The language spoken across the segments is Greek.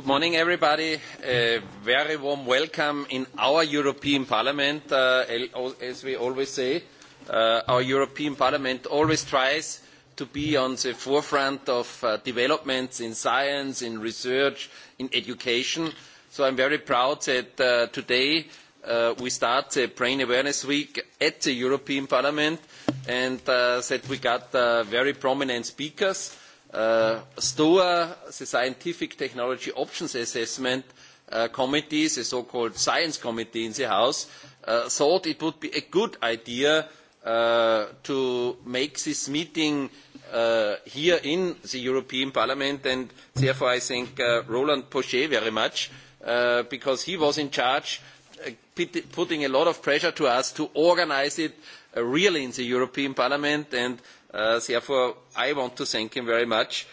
Good morning, everybody. A very warm welcome in our European Parliament. As we always say, our European Parliament always tries to be on the forefront of developments in science, in research, in education. So I'm very proud that today we start the Brain Awareness Week at the European Parliament and that we got very prominent speakers. STOA, the Scientific Technology Options Assessment Committee, the so-called Science Committee in the House, thought it would be a good idea to make this meeting here in the European Parliament, and therefore I thank Roland Pochet very much, because he was in charge, putting a lot of pressure to us to organise it really in the European Parliament, and Therefore, I want to thank him very much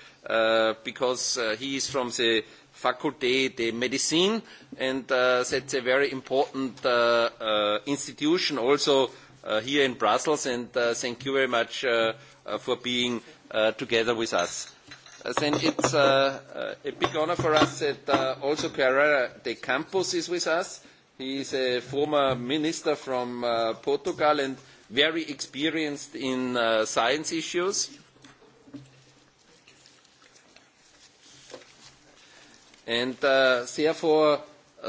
because he is from the Faculté de Medicine and that's a very important institution also here in Brussels. And thank you very much for being together with us. Then it's a big honor for us that also Carrera de Campos is with us. He is a former minister from Portugal and very experienced in science issues. And therefore,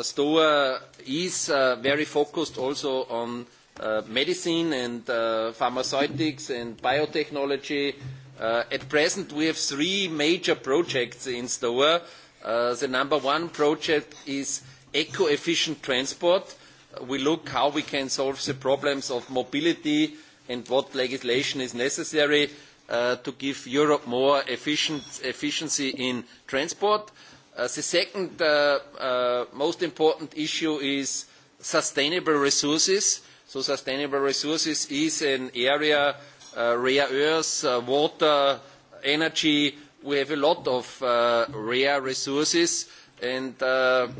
STOA is very focused also on medicine and pharmaceutics and biotechnology. At present, we have three major projects in STOA. The number one project is eco-efficient transport we look how we can solve the problems of mobility and what legislation is necessary to give Europe more efficiency in transport. The second most important issue is sustainable resources. So sustainable resources is an area, rare earths, water, energy. We have a lot of rare resources and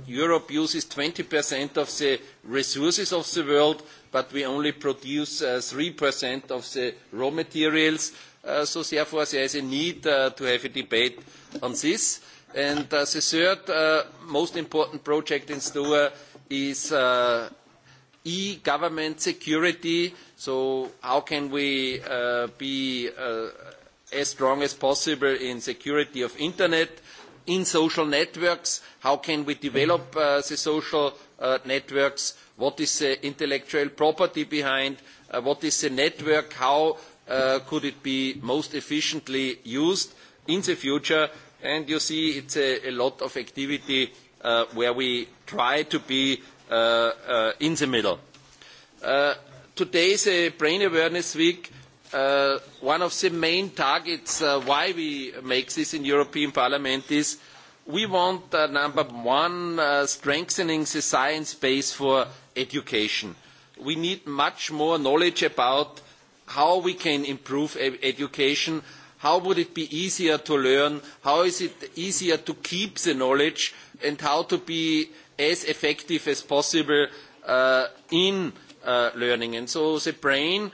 Europe uses 20% of the resources of the world, but we only produce 3% of the raw materials. So therefore there is a need to have a debate on this. And the third most important project in Store is e-government security. So how can we be as strong as possible in security of Internet? in social networks, how can we develop the social networks, what is the intellectual property behind, what is the network, how could it be most efficiently used in the future. And you see it's a lot of activity where we try to be in the middle. Today is Brain Awareness Week one of the main targets why we make this in European Parliament is we want, number one, strengthening the science base for education. We need much more knowledge about how we can improve education, how would it be easier to learn, how is it easier to keep the knowledge, and how to be as effective as possible in learning. And so the brain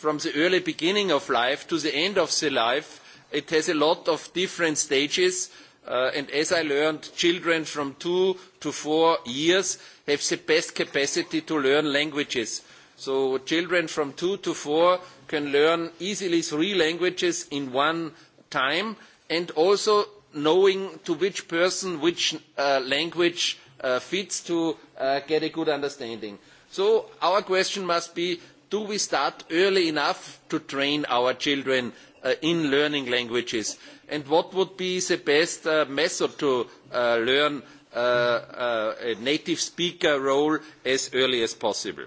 from the early beginning of life to the end of the life. It has a lot of different stages and as I learned, children from two to four years have the best capacity to learn languages. So children from two to four can learn easily three languages in one time and also knowing to which person which language fits to get a good understanding. So our question must be do we start early enough to train our children in learning languages and what would be the best method to learn a native speaker role as early as possible.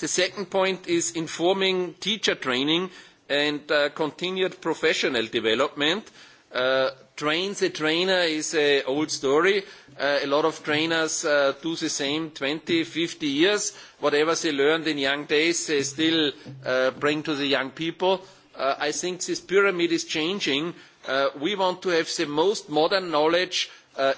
The second point is informing teacher training and continued professional development Train the trainer is an old story. A lot of trainers do the same 20, 50 years. Whatever they learned in young days, they still bring to the young people. I think this pyramid is changing. We want to have the most modern knowledge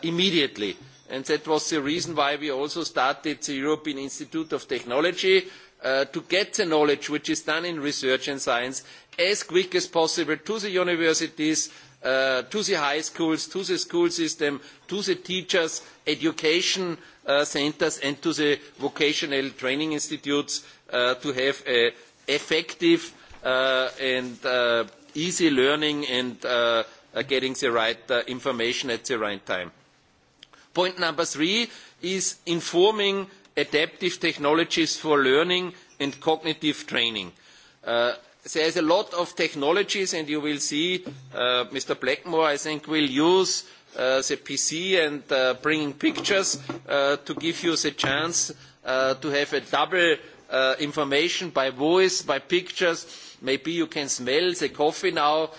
immediately. And that was the reason why we also started the European Institute of Technology to get the knowledge which is done in research and science as quick as possible to the universities to the high schools, to the school system, to the teachers, education centres and to the vocational training institutes to have effective and easy learning and getting the right information at the right time. Point number three is informing adaptive technologies for learning and cognitive training there is a lot of technologies and you will see Mr. Blackmore, I think, will use the PC and bringing pictures to give you the chance to have a double information by voice, by pictures. Maybe you can smell the coffee now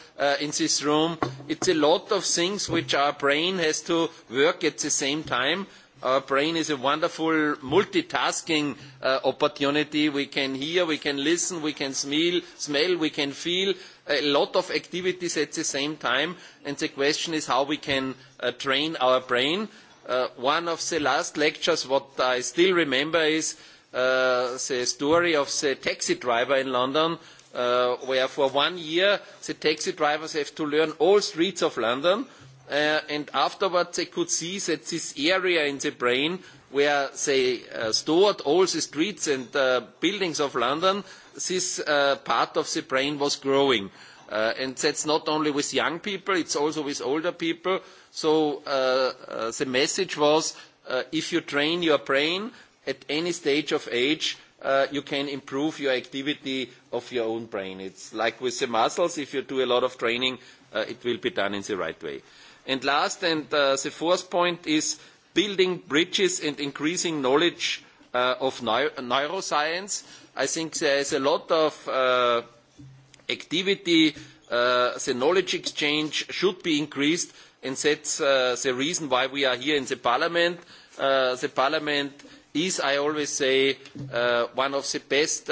in this room. It's a lot of things which our brain has to work at the same time Our brain is a wonderful multitasking opportunity. We can hear, we can listen, we can smell, smell, we can feel a lot of activities at the same time. And the question is how we can train our brain. One of the last lectures, what I still remember, is the story of the taxi driver in London, where for one year the taxi drivers have to learn all streets of London and afterwards they could see that this area in the brain where they stored all the streets and buildings of London, this part of the brain was growing. And that's not only with young people, it's also with older people. So the message was, if you train your brain at any stage of age, you can improve your activity of your own brain. It's like with the muscles, if you do a lot of training, it will be done in the right way. And last and the fourth point is building bridges and increasing knowledge of neuroscience. I think there is a lot of activity. The knowledge exchange should be increased, and that's the reason why we are here in the Parliament. The Parliament is, I always say, one of the best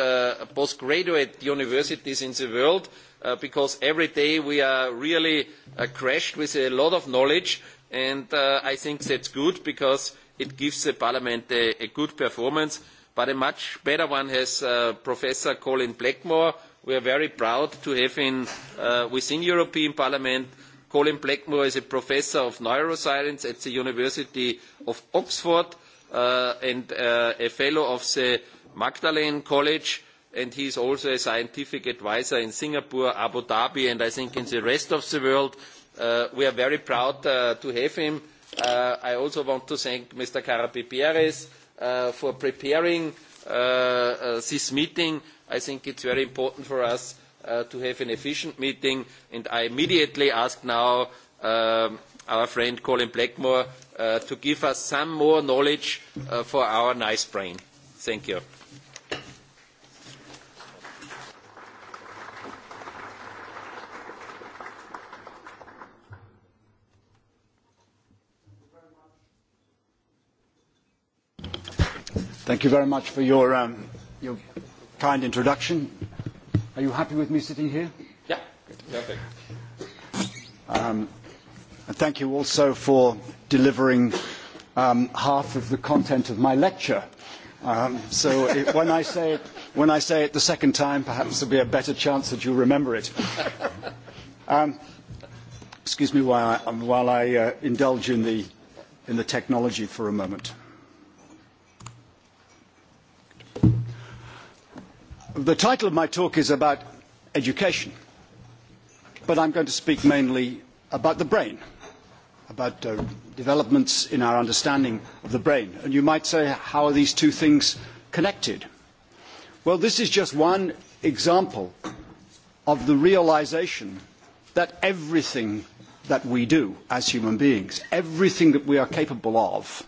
postgraduate universities in the world because every day we are really crashed with a lot of knowledge and I think that's good because it gives the Parliament a good performance. But a much better one has Professor Colin Blackmore. We are very proud to have him within European Parliament. Colin Blackmore is a professor of neuroscience at the University of Oxford and a fellow of the Magdalene College and he is also a scientific advisor in Singapore, Abu Dhabi, and I think in the rest of the world. We are very proud to have him. I also want to thank Mr. perez for preparing this meeting. I think it's very important for us to have an efficient meeting, and I immediately ask now our friend Colin Blackmore to give us some more knowledge for our nice brain. Thank you. Thank you very much for your kind introduction. Are you happy with me sitting here? Yeah. Perfect. Thank you also for delivering half of the content of my lecture. So when I say it the second time, perhaps there'll be a better chance that you remember it. Excuse me while I indulge in the technology for a moment. The title of my talk is about education, but I'm going to speak mainly about the brain, about developments in our understanding of the brain. And you might say, how are these two things connected? Well, this is just one example of the realization that everything that we do as human beings, everything that we are capable of,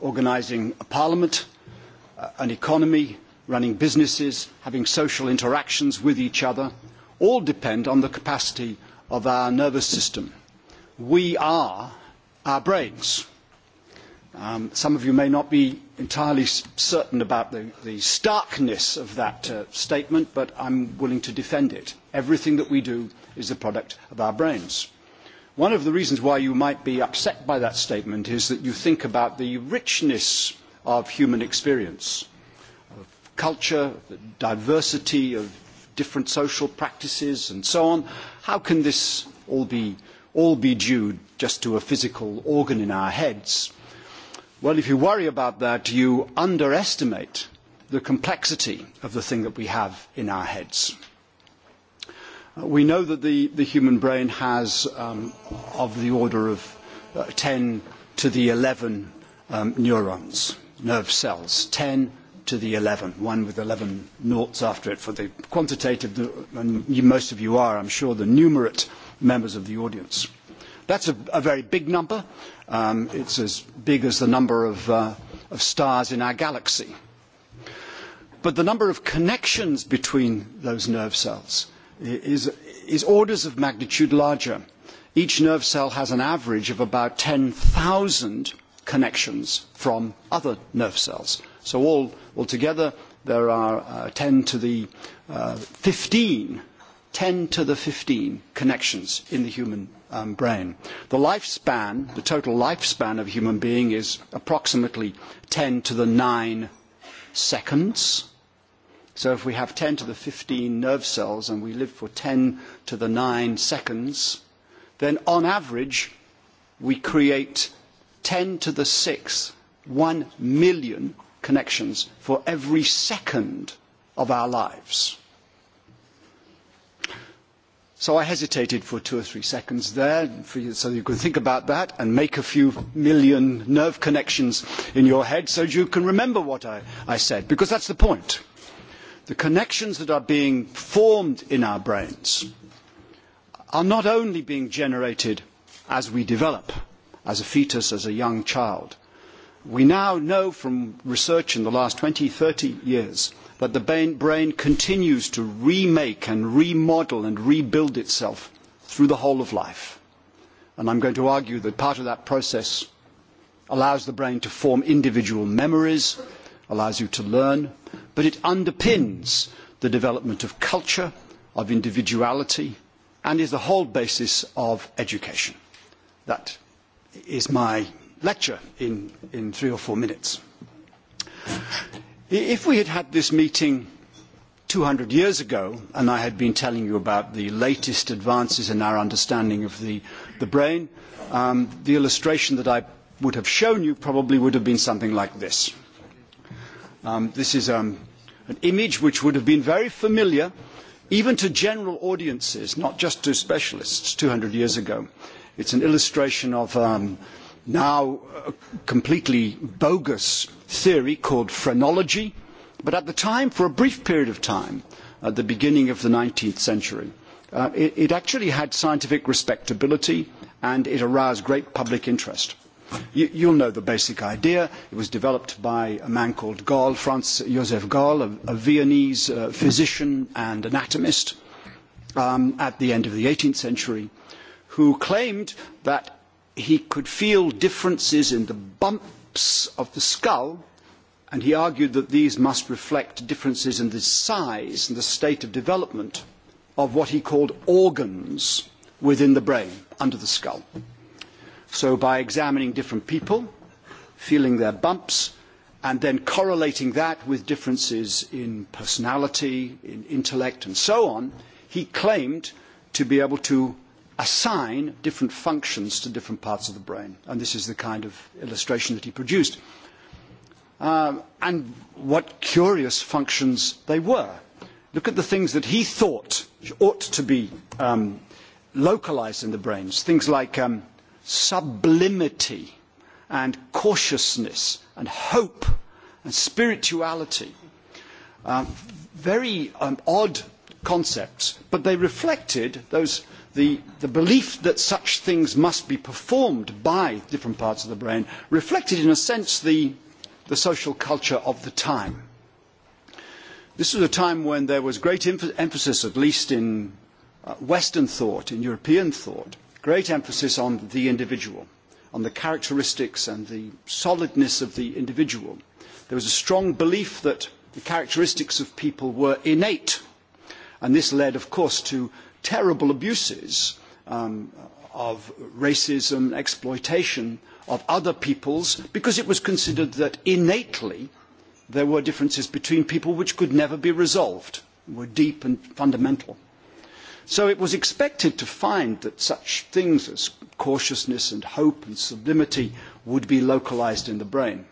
organising a parliament, an economy, running businesses, having social interactions with each other, all depend on the capacity of our nervous system. We are our brains. Some of you may not be entirely certain about the starkness of that statement, but I'm willing to defend it. Everything that we do is the product of our brains. One of the reasons why you might be upset by that statement is that you think about the richness of human experience culture, the diversity of different social practices and so on, how can this all be due just to a physical organ in our heads? Well, if you worry about that, you underestimate the complexity of the thing that we have in our heads. We know that the human brain has of the order of 10 to the 11 neurons, nerve cells, 10 to the 11, one with 11 noughts after it for the quantitative, and most of you are, I'm sure, the numerate members of the audience. That's a very big number. It's as big as the number of stars in our galaxy. But the number of connections between those nerve cells is orders of magnitude larger. Each nerve cell has an average of about 10,000 connections from other nerve cells. So all altogether there are 10 to the 15, 10 to the 15 connections in the human brain. The lifespan, the total lifespan of a human being is approximately 10 to the 9 seconds. So if we have 10 to the 15 nerve cells and we live for 10 to the 9 seconds, then on average we create 10 to the 6, 1 million connections for every second of our lives. So I hesitated for two or three seconds there, so you can think about that and make a few million nerve connections in your head so you can remember what I said, because that's the point. The connections that are being formed in our brains are not only being generated as we develop, as a fetus, as a young child, We now know from research in the last 20, 30 years that the brain continues to remake and remodel and rebuild itself through the whole of life. And I'm going to argue that part of that process allows the brain to form individual memories, allows you to learn, but it underpins the development of culture, of individuality, and is the whole basis of education. That is my lecture in three or four minutes. If we had had this meeting 200 years ago, and I had been telling you about the latest advances in our understanding of the brain, the illustration that I would have shown you probably would have been something like this. This is an image which would have been very familiar even to general audiences, not just to specialists, 200 years ago. It's an illustration of now completely bogus theory called phrenology, but at the time, for a brief period of time, at the beginning of the 19th century, it actually had scientific respectability and it aroused great public interest. You You'll know the basic idea. It was developed by a man called Gall, Franz Josef Gall, a Viennese physician and anatomist at the end of the 18th century, who claimed that he could feel differences in the bumps of the skull and he argued that these must reflect differences in the size and the state of development of what he called organs within the brain under the skull. So by examining different people, feeling their bumps, and then correlating that with differences in personality, in intellect and so on, he claimed to be able to assign different functions to different parts of the brain. And this is the kind of illustration that he produced. And what curious functions they were. Look at the things that he thought ought to be localized in the brains. Things like sublimity and cautiousness and hope and spirituality. Very odd concepts, but they reflected those the belief that such things must be performed by different parts of the brain reflected in a sense the social culture of the time. This was a time when there was great emphasis, at least in Western thought, in European thought, great emphasis on the individual, on the characteristics and the solidness of the individual. There was a strong belief that the characteristics of people were innate, and this led, of course, to terrible abuses of racism, exploitation of other peoples, because it was considered that innately there were differences between people which could never be resolved, were deep and fundamental. So it was expected to find that such things as cautiousness and hope and sublimity would be localised in the brain.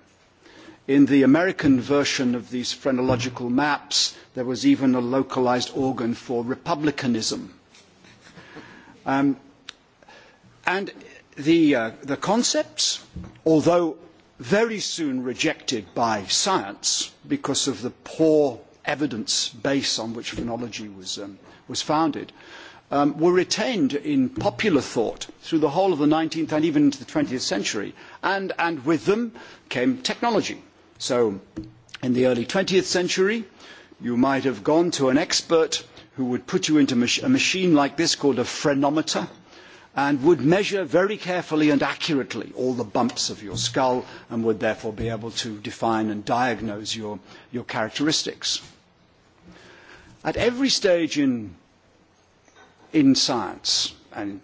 In the American version of these phrenological maps, there was even a localized organ for republicanism. And the concepts, although very soon rejected by science because of the poor evidence base on which phrenology was founded, were retained in popular thought through the whole of the 19th and even into the 20th century. And with them came technology So in the early 20th century, you might have gone to an expert who would put you into a machine like this called a phrenometer and would measure very carefully and accurately all the bumps of your skull and would therefore be able to define and diagnose your characteristics. At every stage in science and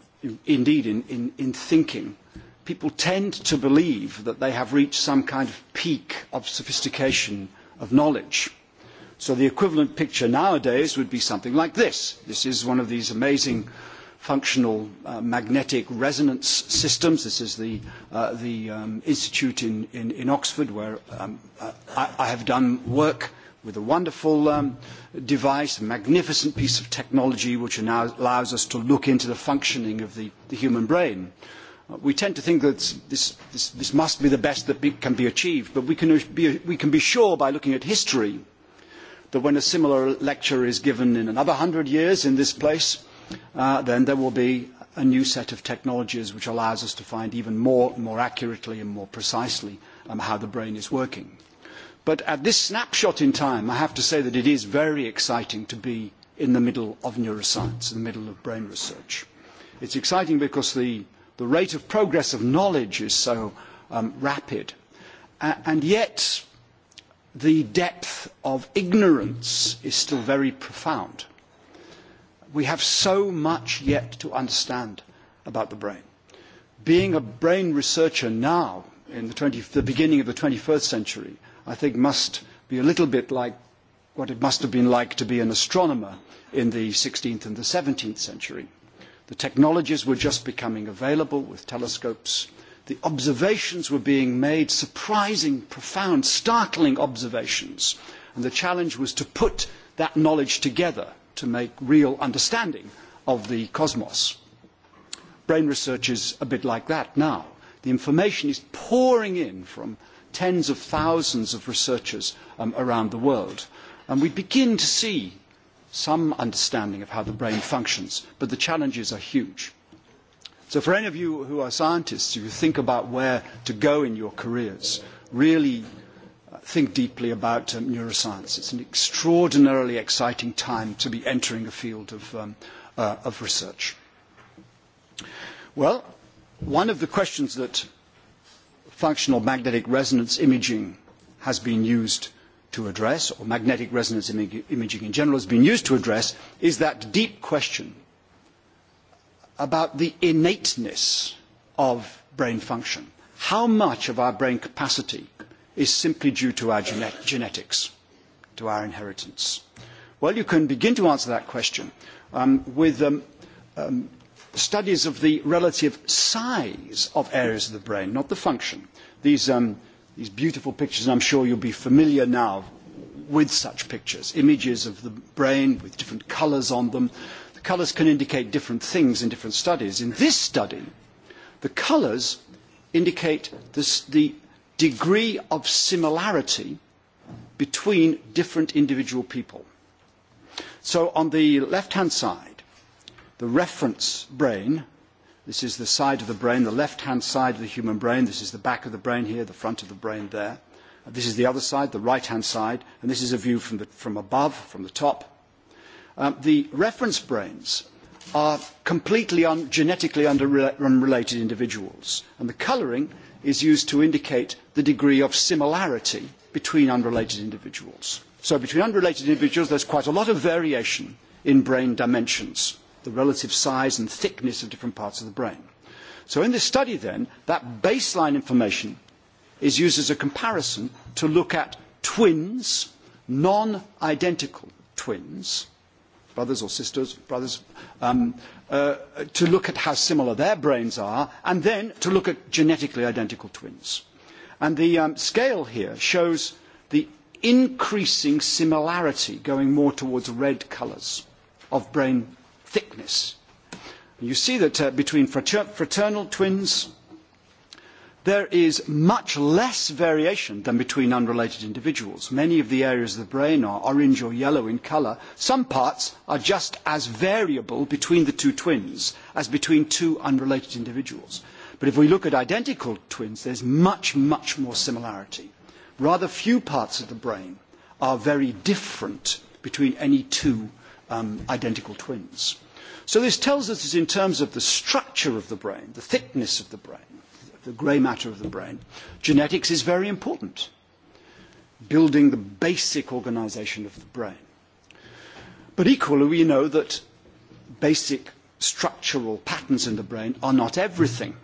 indeed in thinking, people tend to believe that they have reached some kind of peak of sophistication of knowledge. So the equivalent picture nowadays would be something like this. This is one of these amazing functional magnetic resonance systems. This is the institute in Oxford where I have done work with a wonderful device, a magnificent piece of technology which now allows us to look into the functioning of the human brain. We tend to think that this must be the best that can be achieved, but we can be sure by looking at history that when a similar lecture is given in another hundred years in this place, then there will be a new set of technologies which allows us to find even more accurately and more precisely how the brain is working. But at this snapshot in time, I have to say that it is very exciting to be in the middle of neuroscience, in the middle of brain research. It's exciting because the The rate of progress of knowledge is so rapid. And yet the depth of ignorance is still very profound. We have so much yet to understand about the brain. Being a brain researcher now, in the beginning of the 21st century, I think must be a little bit like what it must have been like to be an astronomer in the 16th and the 17th century. The technologies were just becoming available with telescopes. The observations were being made, surprising, profound, startling observations. And the challenge was to put that knowledge together to make real understanding of the cosmos. Brain research is a bit like that now. The information is pouring in from tens of thousands of researchers around the world. And we begin to see some understanding of how the brain functions, but the challenges are huge. So for any of you who are scientists, who you think about where to go in your careers, really think deeply about neuroscience. It's an extraordinarily exciting time to be entering a field of research. Well, one of the questions that functional magnetic resonance imaging has been used to address, or magnetic resonance imaging in general has been used to address, is that deep question about the innateness of brain function. How much of our brain capacity is simply due to our genetics, to our inheritance? Well, you can begin to answer that question with studies of the relative size of areas of the brain, not the function. These these beautiful pictures, and I'm sure you'll be familiar now with such pictures, images of the brain with different colours on them. The colours can indicate different things in different studies. In this study, the colours indicate the degree of similarity between different individual people. So on the left-hand side, the reference brain This is the side of the brain, the left-hand side of the human brain. This is the back of the brain here, the front of the brain there. This is the other side, the right-hand side, and this is a view from above, from the top. The reference brains are completely genetically unrelated individuals, and the colouring is used to indicate the degree of similarity between unrelated individuals. So between unrelated individuals, there is quite a lot of variation in brain dimensions the relative size and thickness of different parts of the brain. So in this study then, that baseline information is used as a comparison to look at twins, non-identical twins, brothers or sisters, brothers, to look at how similar their brains are, and then to look at genetically identical twins. And the scale here shows the increasing similarity, going more towards red colours, of brain thickness. You see that between fraternal twins there is much less variation than between unrelated individuals. Many of the areas of the brain are orange or yellow in colour. Some parts are just as variable between the two twins as between two unrelated individuals. But if we look at identical twins, there's much, much more similarity. Rather few parts of the brain are very different between any two identical twins. So this tells us that in terms of the structure of the brain, the thickness of the brain, the grey matter of the brain, genetics is very important, building the basic organisation of the brain. But equally we know that basic structural patterns in the brain are not everything.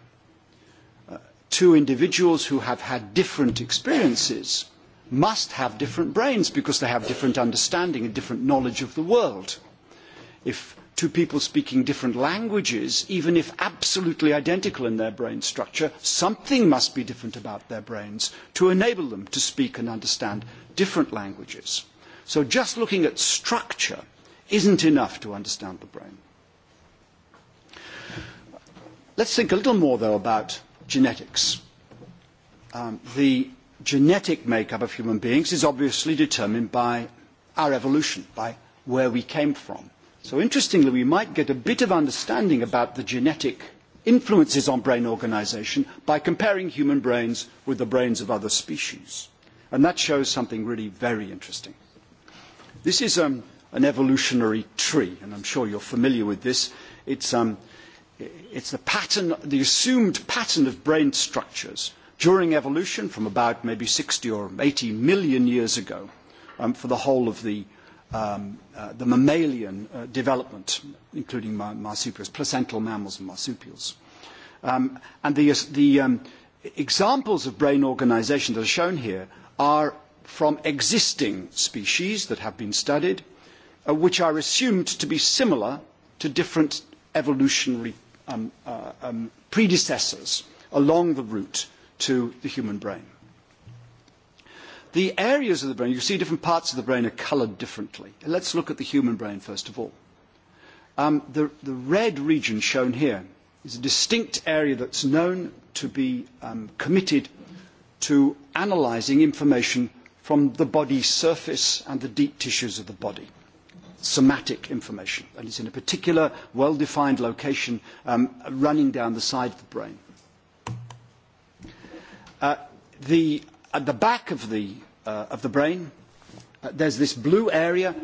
Two individuals who have had different experiences must have different brains because they have different understanding and different knowledge of the world. If two people speaking different languages, even if absolutely identical in their brain structure, something must be different about their brains to enable them to speak and understand different languages. So just looking at structure isn't enough to understand the brain. Let's think a little more, though, about genetics. The genetic makeup of human beings is obviously determined by our evolution, by where we came from. So interestingly, we might get a bit of understanding about the genetic influences on brain organisation by comparing human brains with the brains of other species. And that shows something really very interesting. This is an evolutionary tree, and I'm sure you're familiar with this. It's the pattern, the assumed pattern of brain structures during evolution from about maybe 60 or 80 million years ago for the whole of the mammalian development, including marsupials, placental mammals and marsupials. And the examples of brain organisation that are shown here are from existing species that have been studied, which are assumed to be similar to different evolutionary predecessors along the route to the human brain. The areas of the brain, you see different parts of the brain are colored differently. Let's look at the human brain first of all. The red region shown here is a distinct area that's known to be committed to analyzing information from the body surface and the deep tissues of the body, somatic information, and it's in a particular well-defined location running down the side of the brain. At the back of the brain, there's this blue area,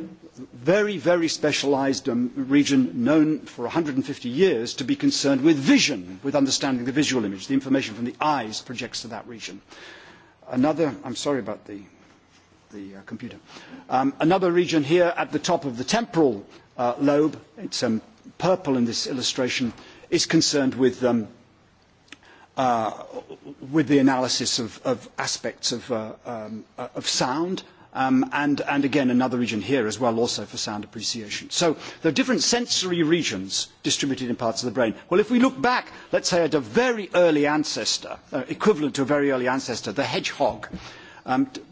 very, very specialised region known for 150 years to be concerned with vision, with understanding the visual image. The information from the eyes projects to that region. Another, I'm sorry about the computer. Another region here at the top of the temporal lobe, it's purple in this illustration, is concerned with with the analysis of aspects of sound and again another region here as well also for sound appreciation. So there are different sensory regions distributed in parts of the brain. Well if we look back let's say at a very early ancestor, equivalent to a very early ancestor, the hedgehog,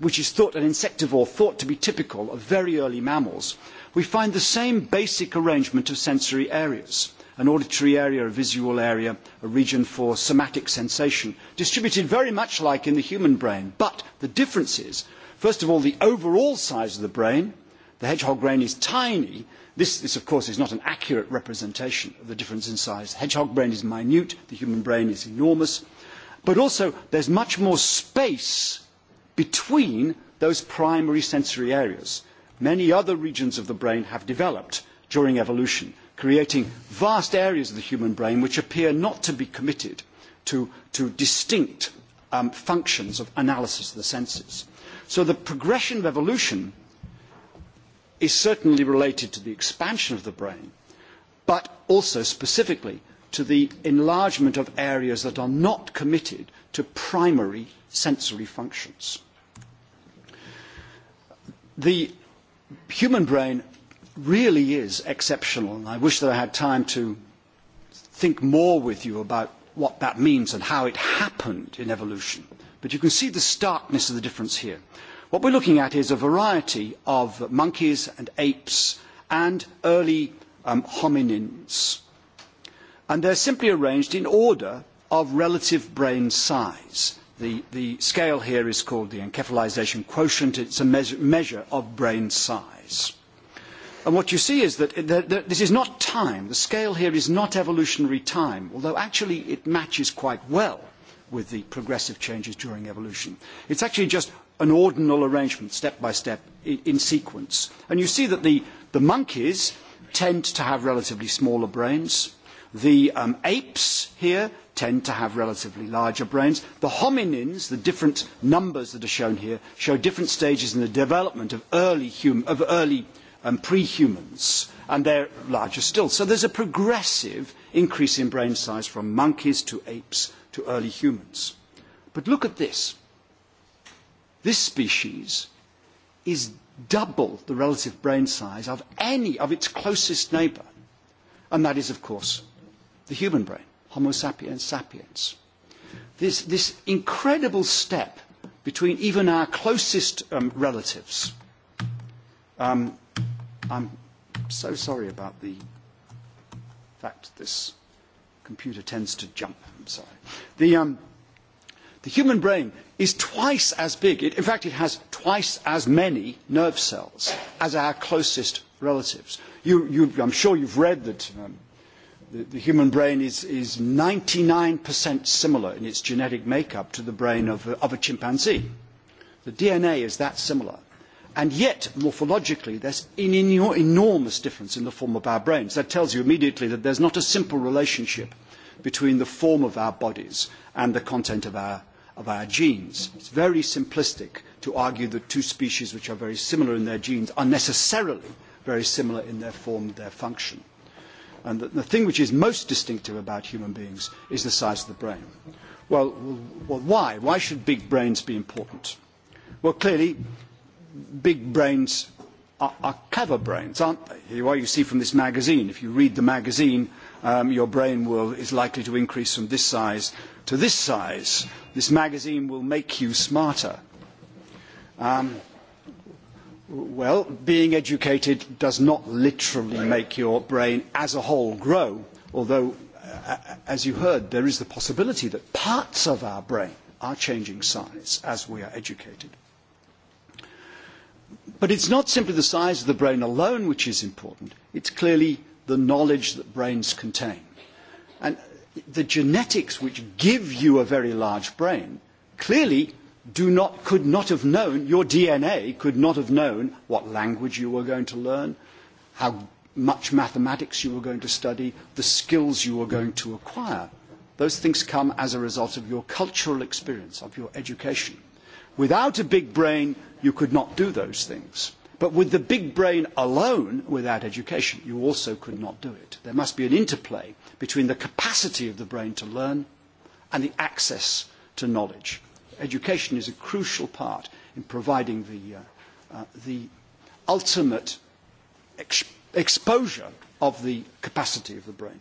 which is thought an insectivore thought to be typical of very early mammals, we find the same basic arrangement of sensory areas an auditory area, a visual area, a region for somatic sensation, distributed very much like in the human brain. But the difference is, first of all, the overall size of the brain. The hedgehog brain is tiny. This, of course, is not an accurate representation of the difference in size. The hedgehog brain is minute. The human brain is enormous. But also, there is much more space between those primary sensory areas. Many other regions of the brain have developed during evolution creating vast areas of the human brain which appear not to be committed to distinct functions of analysis of the senses. So the progression of evolution is certainly related to the expansion of the brain, but also specifically to the enlargement of areas that are not committed to primary sensory functions. The human brain really is exceptional, and I wish that I had time to think more with you about what that means and how it happened in evolution. But you can see the starkness of the difference here. What we're looking at is a variety of monkeys and apes and early hominins. And they're simply arranged in order of relative brain size. The scale here is called the encephalization quotient. It's a measure of brain size. And what you see is that this is not time. The scale here is not evolutionary time, although actually it matches quite well with the progressive changes during evolution. It's actually just an ordinal arrangement, step by step, in sequence. And you see that the monkeys tend to have relatively smaller brains. The apes here tend to have relatively larger brains. The hominins, the different numbers that are shown here, show different stages in the development of early pre-humans and they're larger still. So there's a progressive increase in brain size from monkeys to apes to early humans. But look at this. This species is double the relative brain size of any of its closest neighbour, and that is, of course, the human brain, Homo sapiens sapiens. This incredible step between even our closest relatives I'm so sorry about the fact this computer tends to jump. I'm sorry. The the human brain is twice as big. In fact, it has twice as many nerve cells as our closest relatives. I'm sure you've read that the human brain is 99% similar in its genetic makeup to the brain of a chimpanzee. The DNA is that similar and yet morphologically there is an enormous difference in the form of our brains. that tells you immediately that there is not a simple relationship between the form of our bodies and the content of our genes. it is very simplistic to argue that two species which are very similar in their genes are necessarily very similar in their form their function. And the thing which is most distinctive about human beings is the size of the brain. Well, why? Why should big brains be important? Well, clearly big brains are clever brains, aren't they? What you see from this magazine, if you read the magazine, your brain is likely to increase from this size to this size. This magazine will make you smarter. Well, being educated does not literally make your brain as a whole grow, although, as you heard, there is the possibility that parts of our brain are changing size as we are educated. But it's not simply the size of the brain alone which is important. It's clearly the knowledge that brains contain. And the genetics which give you a very large brain clearly could not have known, your DNA could not have known what language you were going to learn, how much mathematics you were going to study, the skills you were going to acquire. Those things come as a result of your cultural experience, of your education. Without a big brain, you could not do those things. But with the big brain alone, without education, you also could not do it. There must be an interplay between the capacity of the brain to learn and the access to knowledge. Education is a crucial part in providing the ultimate exposure of the capacity of the brain.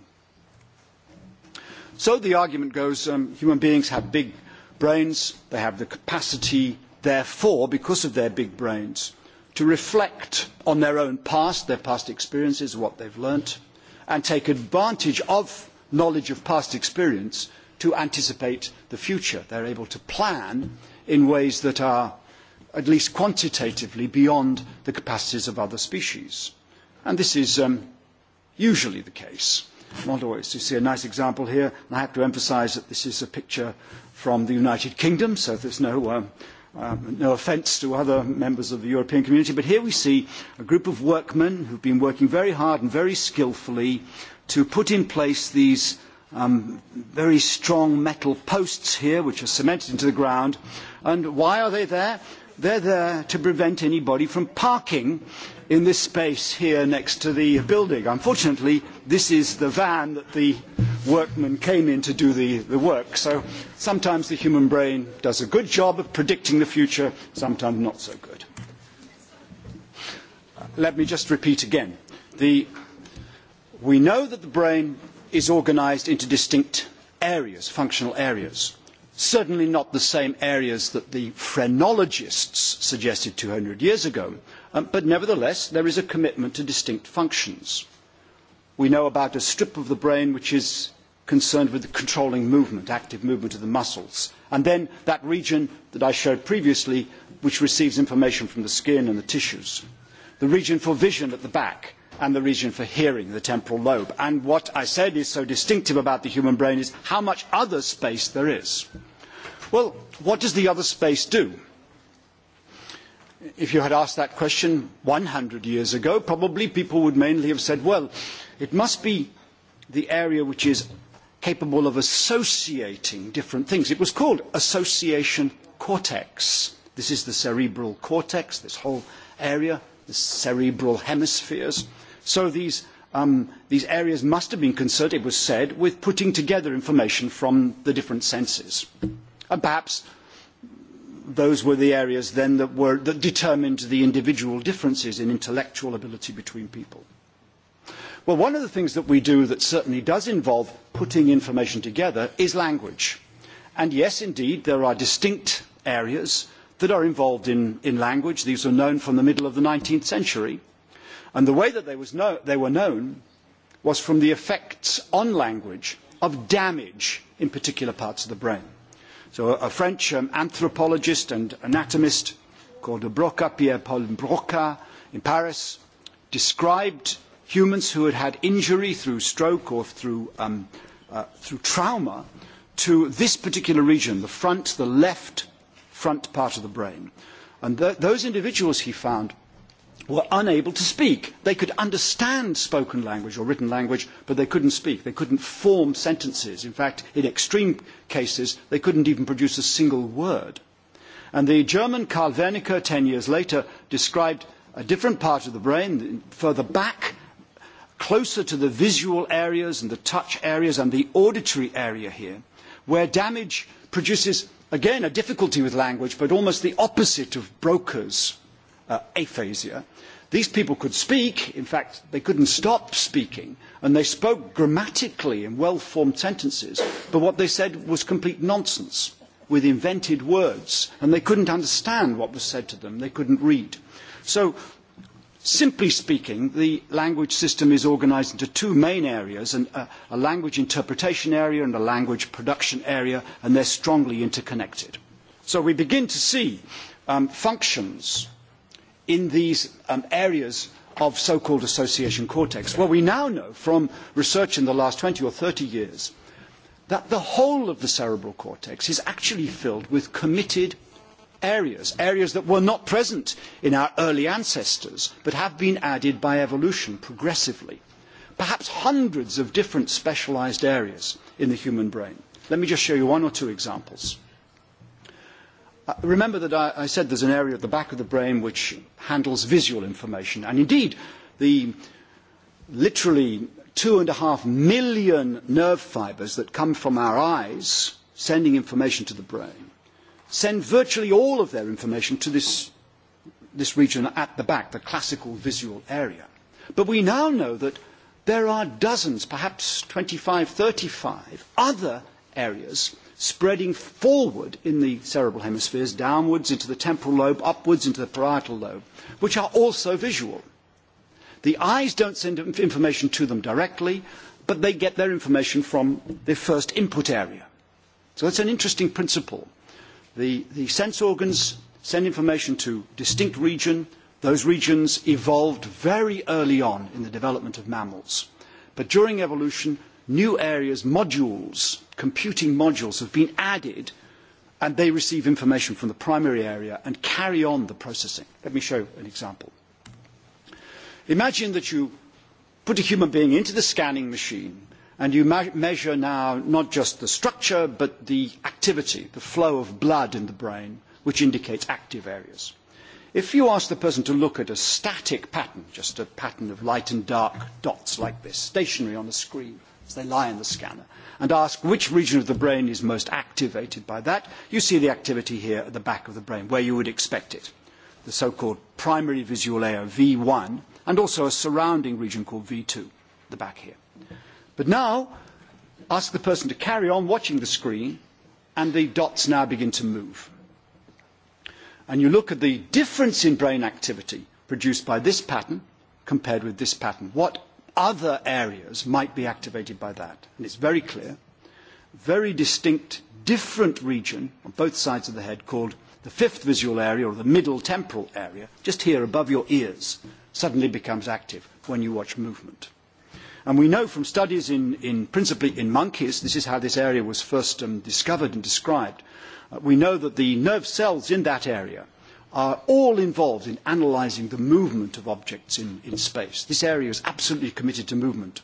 So the argument goes human beings have big brains, they have the capacity therefore because of their big brains to reflect on their own past their past experiences what they've learnt and take advantage of knowledge of past experience to anticipate the future they're able to plan in ways that are at least quantitatively beyond the capacities of other species and this is usually the case not always you see a nice example here and i have to emphasise that this is a picture from the united kingdom so there's no No offence to other members of the European community, but here we see a group of workmen who have been working very hard and very skilfully to put in place these very strong metal posts here, which are cemented into the ground. And why are they there? They're there to prevent anybody from parking in this space here next to the building. Unfortunately, this is the van that the workmen came in to do the work. So sometimes the human brain does a good job of predicting the future, sometimes not so good. Let me just repeat again. We know that the brain is organised into distinct areas, functional areas certainly not the same areas that the phrenologists suggested 200 years ago, but nevertheless there is a commitment to distinct functions. We know about a strip of the brain which is concerned with the controlling movement, active movement of the muscles, and then that region that I showed previously which receives information from the skin and the tissues, the region for vision at the back and the region for hearing, the temporal lobe. And what I said is so distinctive about the human brain is how much other space there is. Well, what does the other space do? If you had asked that question 100 years ago, probably people would mainly have said, well, it must be the area which is capable of associating different things. It was called association cortex. This is the cerebral cortex, this whole area, the cerebral hemispheres. So these areas must have been concerned, it was said, with putting together information from the different senses and perhaps those were the areas then that determined the individual differences in intellectual ability between people. Well, one of the things that we do that certainly does involve putting information together is language. And yes, indeed, there are distinct areas that are involved in language. These were known from the middle of the 19th century. And the way that they were known was from the effects on language of damage in particular parts of the brain. So a French anthropologist and anatomist called Broca, Pierre Paul Broca, in Paris, described humans who had had injury through stroke or through trauma to this particular region, the front, the left front part of the brain. And those individuals, he found, were unable to speak. They could understand spoken language or written language, but they couldn't speak. They couldn't form sentences. In fact, in extreme cases, they couldn't even produce a single word. And the German Karl Wernicke, 10 years later, described a different part of the brain, further back, closer to the visual areas and the touch areas and the auditory area here, where damage produces, again, a difficulty with language, but almost the opposite of Broca's aphasia. These people could speak. In fact, they couldn't stop speaking. And they spoke grammatically in well-formed sentences. But what they said was complete nonsense with invented words. And they couldn't understand what was said to them. They couldn't read. So, simply speaking, the language system is organised into two main areas, a language interpretation area and a language production area, and they're strongly interconnected. So we begin to see functions in these areas of so called association cortex. Well, we now know from research in the last 20 or 30 years that the whole of the cerebral cortex is actually filled with committed areas, areas that were not present in our early ancestors but have been added by evolution progressively, perhaps hundreds of different specialised areas in the human brain. Let me just show you one or two examples. Remember that I said there's an area at the back of the brain which handles visual information, and indeed the literally two and a half million nerve fibres that come from our eyes sending information to the brain send virtually all of their information to this region at the back, the classical visual area. But we now know that there are dozens, perhaps 25, 35 other areas spreading forward in the cerebral hemispheres, downwards into the temporal lobe, upwards into the parietal lobe, which are also visual. The eyes don't send information to them directly, but they get their information from the first input area. So that's an interesting principle. The sense organs send information to distinct region. Those regions evolved very early on in the development of mammals. But during evolution, new areas, modules, computing modules have been added and they receive information from the primary area and carry on the processing. Let me show an example. Imagine that you put a human being into the scanning machine and you measure now not just the structure but the activity, the flow of blood in the brain, which indicates active areas. If you ask the person to look at a static pattern, just a pattern of light and dark dots like this, stationary on the screen, As They lie in the scanner and ask which region of the brain is most activated by that. You see the activity here at the back of the brain, where you would expect it, the so-called primary visual layer V1, and also a surrounding region called V2, the back here. But now, ask the person to carry on watching the screen, and the dots now begin to move. And you look at the difference in brain activity produced by this pattern compared with this pattern. What other areas might be activated by that. And it's very clear, very distinct, different region on both sides of the head called the fifth visual area or the middle temporal area, just here above your ears, suddenly becomes active when you watch movement. And we know from studies in principally in monkeys, this is how this area was first discovered and described, we know that the nerve cells in that area are all involved in analysing the movement of objects in space. This area is absolutely committed to movement.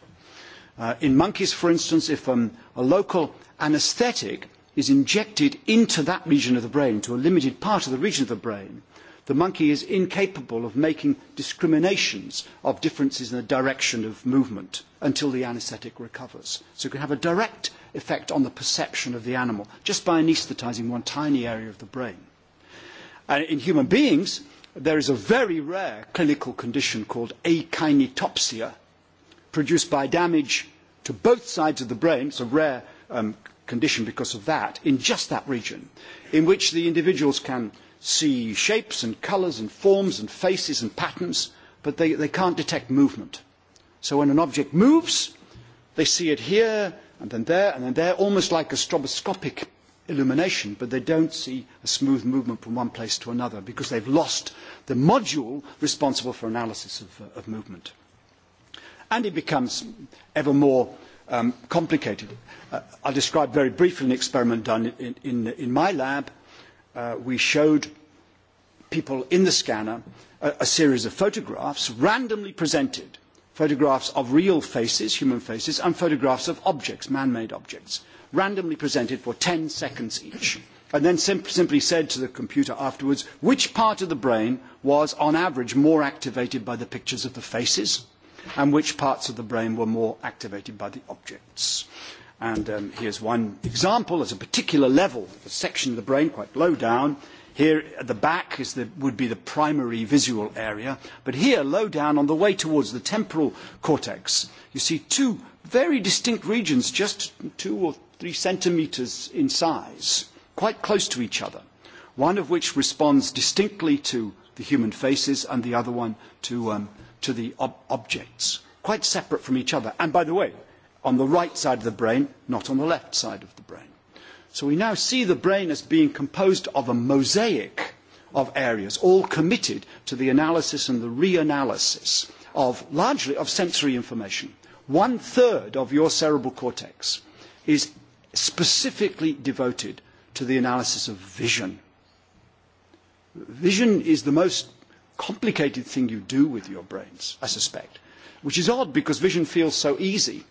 In monkeys, for instance, if a local anaesthetic is injected into that region of the brain, to a limited part of the region of the brain, the monkey is incapable of making discriminations of differences in the direction of movement until the anaesthetic recovers. So it can have a direct effect on the perception of the animal just by anaesthetising one tiny area of the brain in human beings there is a very rare clinical condition called echinitopsia produced by damage to both sides of the brain it's a rare condition because of that in just that region in which the individuals can see shapes and colours and forms and faces and patterns but they can't detect movement so when an object moves they see it here and then there and then there almost like a stroboscopic illumination, but they don't see a smooth movement from one place to another because they've lost the module responsible for analysis of movement. And it becomes ever more complicated. I'll describe very briefly an experiment done in my lab. We showed people in the scanner a series of photographs randomly presented, photographs of real faces, human faces, and photographs of objects, man-made objects randomly presented for 10 seconds each and then simply said to the computer afterwards which part of the brain was on average more activated by the pictures of the faces and which parts of the brain were more activated by the objects. And here's one example at a particular level, a section of the brain quite low down. Here at the back would be the primary visual area, but here low down on the way towards the temporal cortex, you see two very distinct regions, just two or three centimetres in size, quite close to each other, one of which responds distinctly to the human faces and the other one to the objects, quite separate from each other. And by the way, on the right side of the brain, not on the left side of the brain. So we now see the brain as being composed of a mosaic of areas, all committed to the analysis and the reanalysis of largely of sensory information. One third of your cerebral cortex is specifically devoted to the analysis of vision. Vision is the most complicated thing you do with your brains, I suspect, which is odd because vision feels so easy.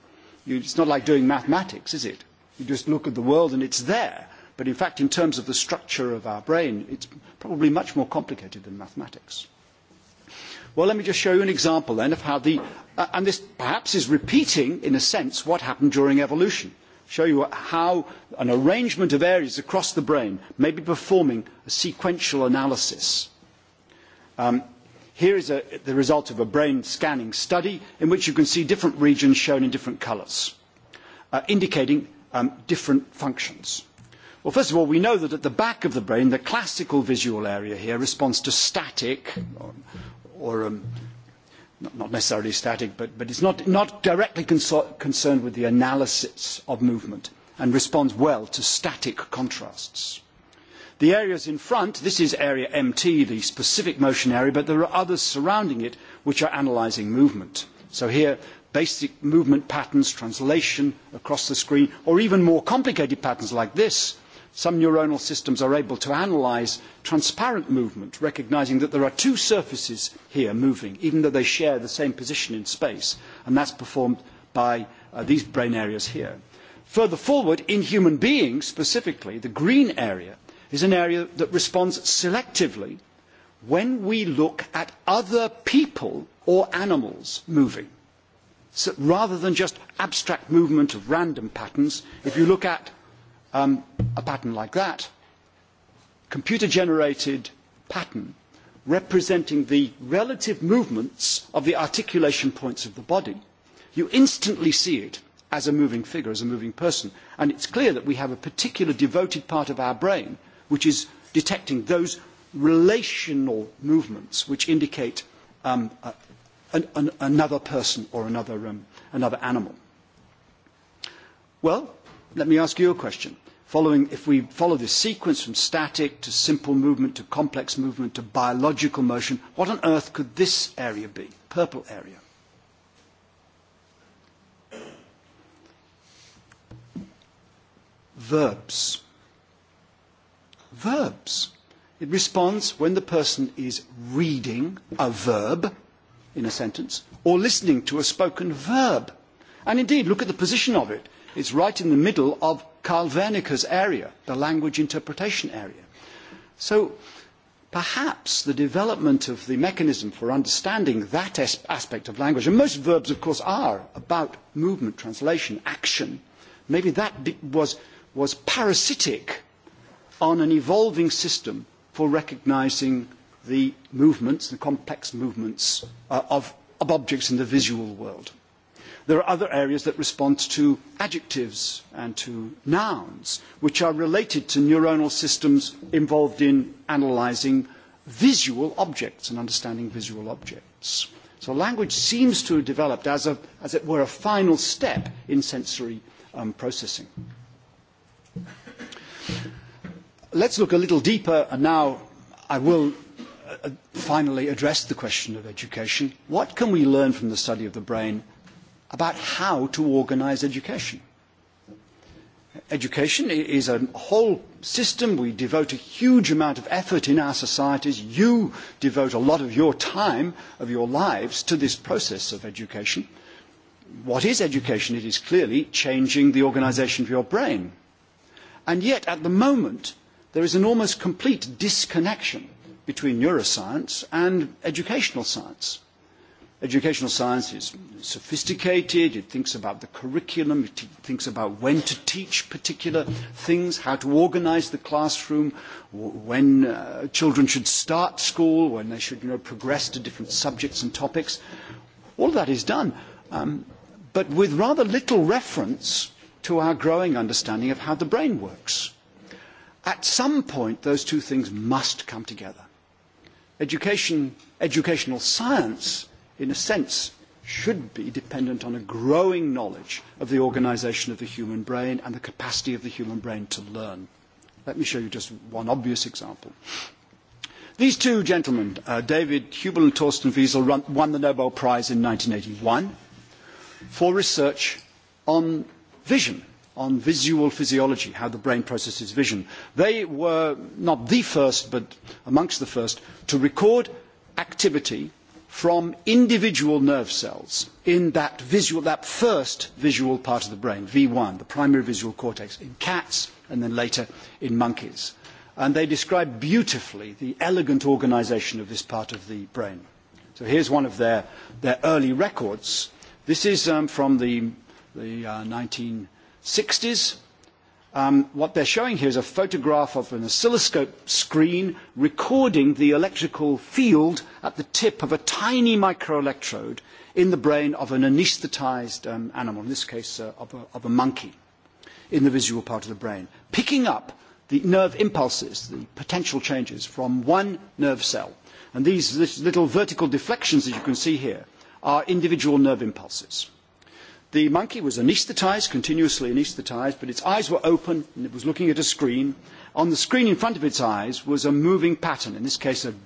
It's not like doing mathematics, is it? You just look at the world and it's there. But in fact, in terms of the structure of our brain, it's probably much more complicated than mathematics. Well, let me just show you an example then of how the, and this perhaps is repeating, in a sense, what happened during evolution show you how an arrangement of areas across the brain may be performing a sequential analysis. Here is the result of a brain scanning study in which you can see different regions shown in different colours, indicating different functions. Well, first of all, we know that at the back of the brain, the classical visual area here responds to static or not necessarily static, but it's not directly concerned with the analysis of movement and responds well to static contrasts. The areas in front, this is area MT, the specific motion area, but there are others surrounding it which are analysing movement. So here, basic movement patterns, translation across the screen, or even more complicated patterns like this, Some neuronal systems are able to analyse transparent movement, recognising that there are two surfaces here moving, even though they share the same position in space, and that's performed by these brain areas here. Further forward, in human beings specifically, the green area is an area that responds selectively when we look at other people or animals moving. Rather than just abstract movement of random patterns, if you look at a pattern like that, computer-generated pattern representing the relative movements of the articulation points of the body, you instantly see it as a moving figure, as a moving person. And it's clear that we have a particular devoted part of our brain which is detecting those relational movements which indicate another person or another animal. Well, let me ask you a question. If we follow this sequence from static to simple movement to complex movement to biological motion, what on earth could this area be, purple area? Verbs. Verbs. It responds when the person is reading a verb in a sentence or listening to a spoken verb. And indeed, look at the position of it. It's right in the middle of Karl Wernicke's area, the language interpretation area. So perhaps the development of the mechanism for understanding that aspect of language, and most verbs, of course, are about movement, translation, action, maybe that was parasitic on an evolving system for recognising the movements, the complex movements of objects in the visual world. There are other areas that respond to adjectives and to nouns, which are related to neuronal systems involved in analysing visual objects and understanding visual objects. So language seems to have developed as it were a final step in sensory processing. Let's look a little deeper, and now I will finally address the question of education. What can we learn from the study of the brain about how to organise education. Education is a whole system. We devote a huge amount of effort in our societies. You devote a lot of your time, of your lives, to this process of education. What is education? It is clearly changing the organisation of your brain. And yet, at the moment, there is an almost complete disconnection between neuroscience and educational science. Educational science is sophisticated, it thinks about the curriculum, it thinks about when to teach particular things, how to organise the classroom, when children should start school, when they should progress to different subjects and topics. All that is done, but with rather little reference to our growing understanding of how the brain works. At some point, those two things must come together. Educational science in a sense, should be dependent on a growing knowledge of the organization of the human brain and the capacity of the human brain to learn. Let me show you just one obvious example. These two gentlemen, David Hubel and Torsten Wiesel, won the Nobel Prize in 1981 for research on vision, on visual physiology, how the brain processes vision. They were not the first, but amongst the first, to record activity from individual nerve cells in that first visual part of the brain, V1, the primary visual cortex, in cats and then later in monkeys. And they describe beautifully the elegant organisation of this part of the brain. So here's one of their early records. This is from the 1960s What they're showing here is a photograph of an oscilloscope screen recording the electrical field at the tip of a tiny microelectrode in the brain of an anaesthetised animal, in this case of a monkey, in the visual part of the brain, picking up the nerve impulses, the potential changes from one nerve cell. And these little vertical deflections that you can see here are individual nerve impulses. The monkey was anaesthetised, continuously anaesthetised, but its eyes were open and it was looking at a screen. On the screen in front of its eyes was a moving pattern, in this case an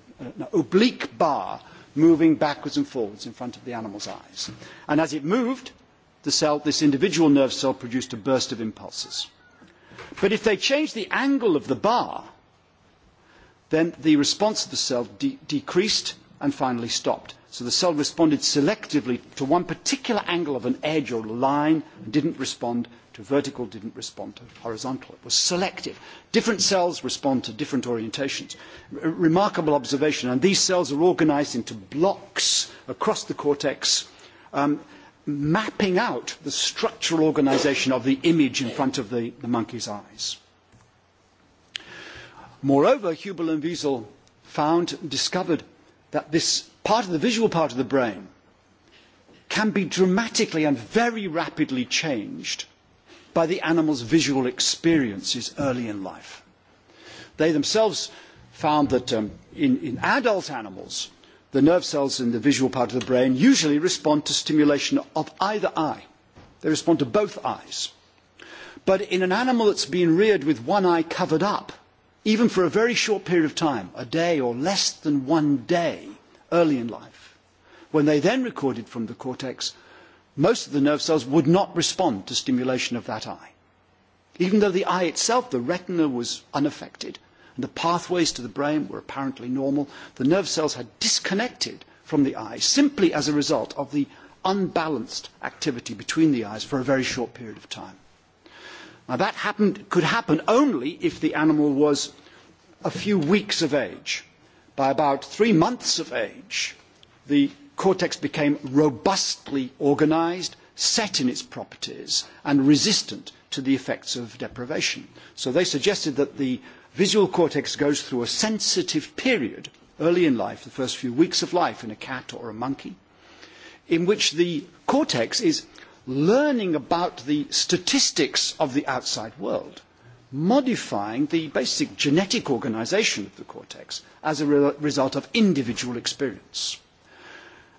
oblique bar moving backwards and forwards in front of the animal's eyes. And as it moved, the cell, this individual nerve cell produced a burst of impulses. But if they changed the angle of the bar, then the response of the cell decreased and finally stopped so the cell responded selectively to one particular angle of an edge or line and didn't respond to vertical, didn't respond to horizontal. It was selective. Different cells respond to different orientations. Remarkable observation. And these cells are organized into blocks across the cortex, mapping out the structural organization of the image in front of the monkey's eyes. Moreover, Hubel and Wiesel found, discovered, that this part of the visual part of the brain can be dramatically and very rapidly changed by the animal's visual experiences early in life. They themselves found that in adult animals, the nerve cells in the visual part of the brain usually respond to stimulation of either eye. They respond to both eyes. But in an animal that's been reared with one eye covered up, even for a very short period of time, a day or less than one day, early in life. When they then recorded from the cortex, most of the nerve cells would not respond to stimulation of that eye. Even though the eye itself, the retina, was unaffected and the pathways to the brain were apparently normal, the nerve cells had disconnected from the eye simply as a result of the unbalanced activity between the eyes for a very short period of time. Now that could happen only if the animal was a few weeks of age by about three months of age, the cortex became robustly organised, set in its properties, and resistant to the effects of deprivation. So they suggested that the visual cortex goes through a sensitive period early in life, the first few weeks of life in a cat or a monkey, in which the cortex is learning about the statistics of the outside world modifying the basic genetic organisation of the cortex as a result of individual experience.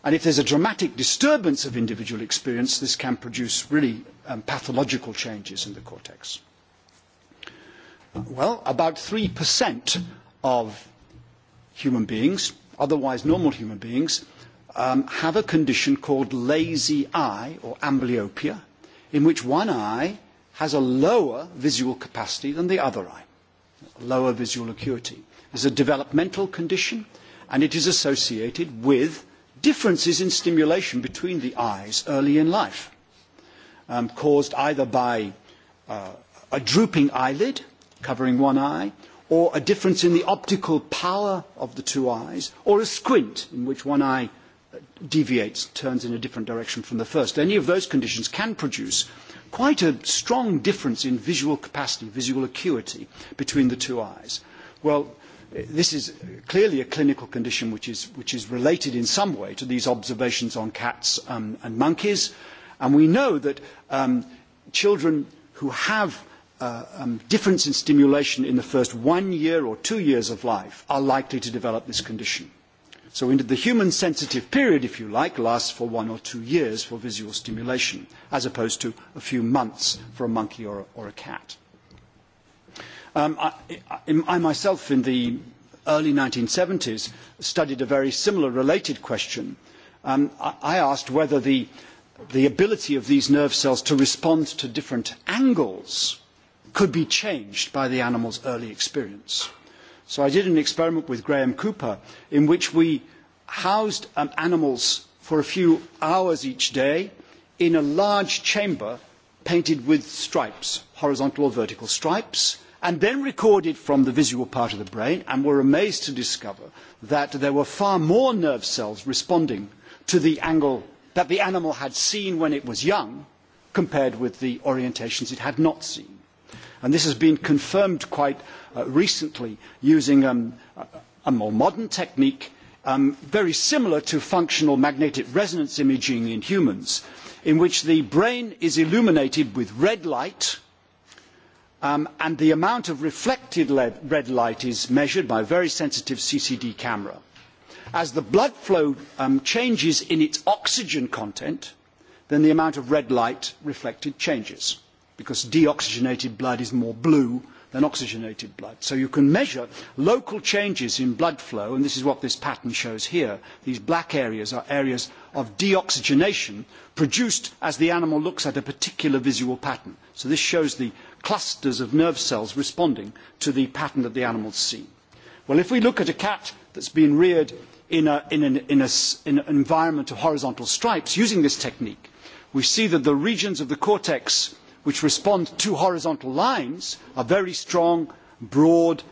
And if is a dramatic disturbance of individual experience, this can produce really pathological changes in the cortex. Well, about 3% of human beings, otherwise normal human beings, have a condition called lazy eye or amblyopia, in which one eye has a lower visual capacity than the other eye, lower visual acuity. Is a developmental condition and it is associated with differences in stimulation between the eyes early in life, caused either by a drooping eyelid covering one eye, or a difference in the optical power of the two eyes, or a squint in which one eye deviates, turns in a different direction from the first. Any of those conditions can produce quite a strong difference in visual capacity, visual acuity between the two eyes. Well, this is clearly a clinical condition which is related in some way to these observations on cats and monkeys, and we know that children who have a difference in stimulation in the first one year or two years of life are likely to develop this condition. So the human sensitive period, if you like, lasts for one or two years for visual stimulation, as opposed to a few months for a monkey or a cat. I myself, in the early 1970s, studied a very similar related question. I asked whether the ability of these nerve cells to respond to different angles could be changed by the animal's early experience. So I did an experiment with Graham Cooper in which we housed animals for a few hours each day in a large chamber painted with stripes, horizontal or vertical stripes, and then recorded from the visual part of the brain and were amazed to discover that there were far more nerve cells responding to the angle that the animal had seen when it was young compared with the orientations it had not seen and this has been confirmed quite recently using a more modern technique very similar to functional magnetic resonance imaging in humans in which the brain is illuminated with red light and the amount of reflected red light is measured by a very sensitive ccd camera. as the blood flow changes in its oxygen content then the amount of red light reflected changes because deoxygenated blood is more blue than oxygenated blood. So you can measure local changes in blood flow, and this is what this pattern shows here. These black areas are areas of deoxygenation produced as the animal looks at a particular visual pattern. So this shows the clusters of nerve cells responding to the pattern that the animal's seen. Well, if we look at a cat that's been reared in an environment of horizontal stripes using this technique, we see that the regions of the cortex which respond to horizontal lines are very strong, broad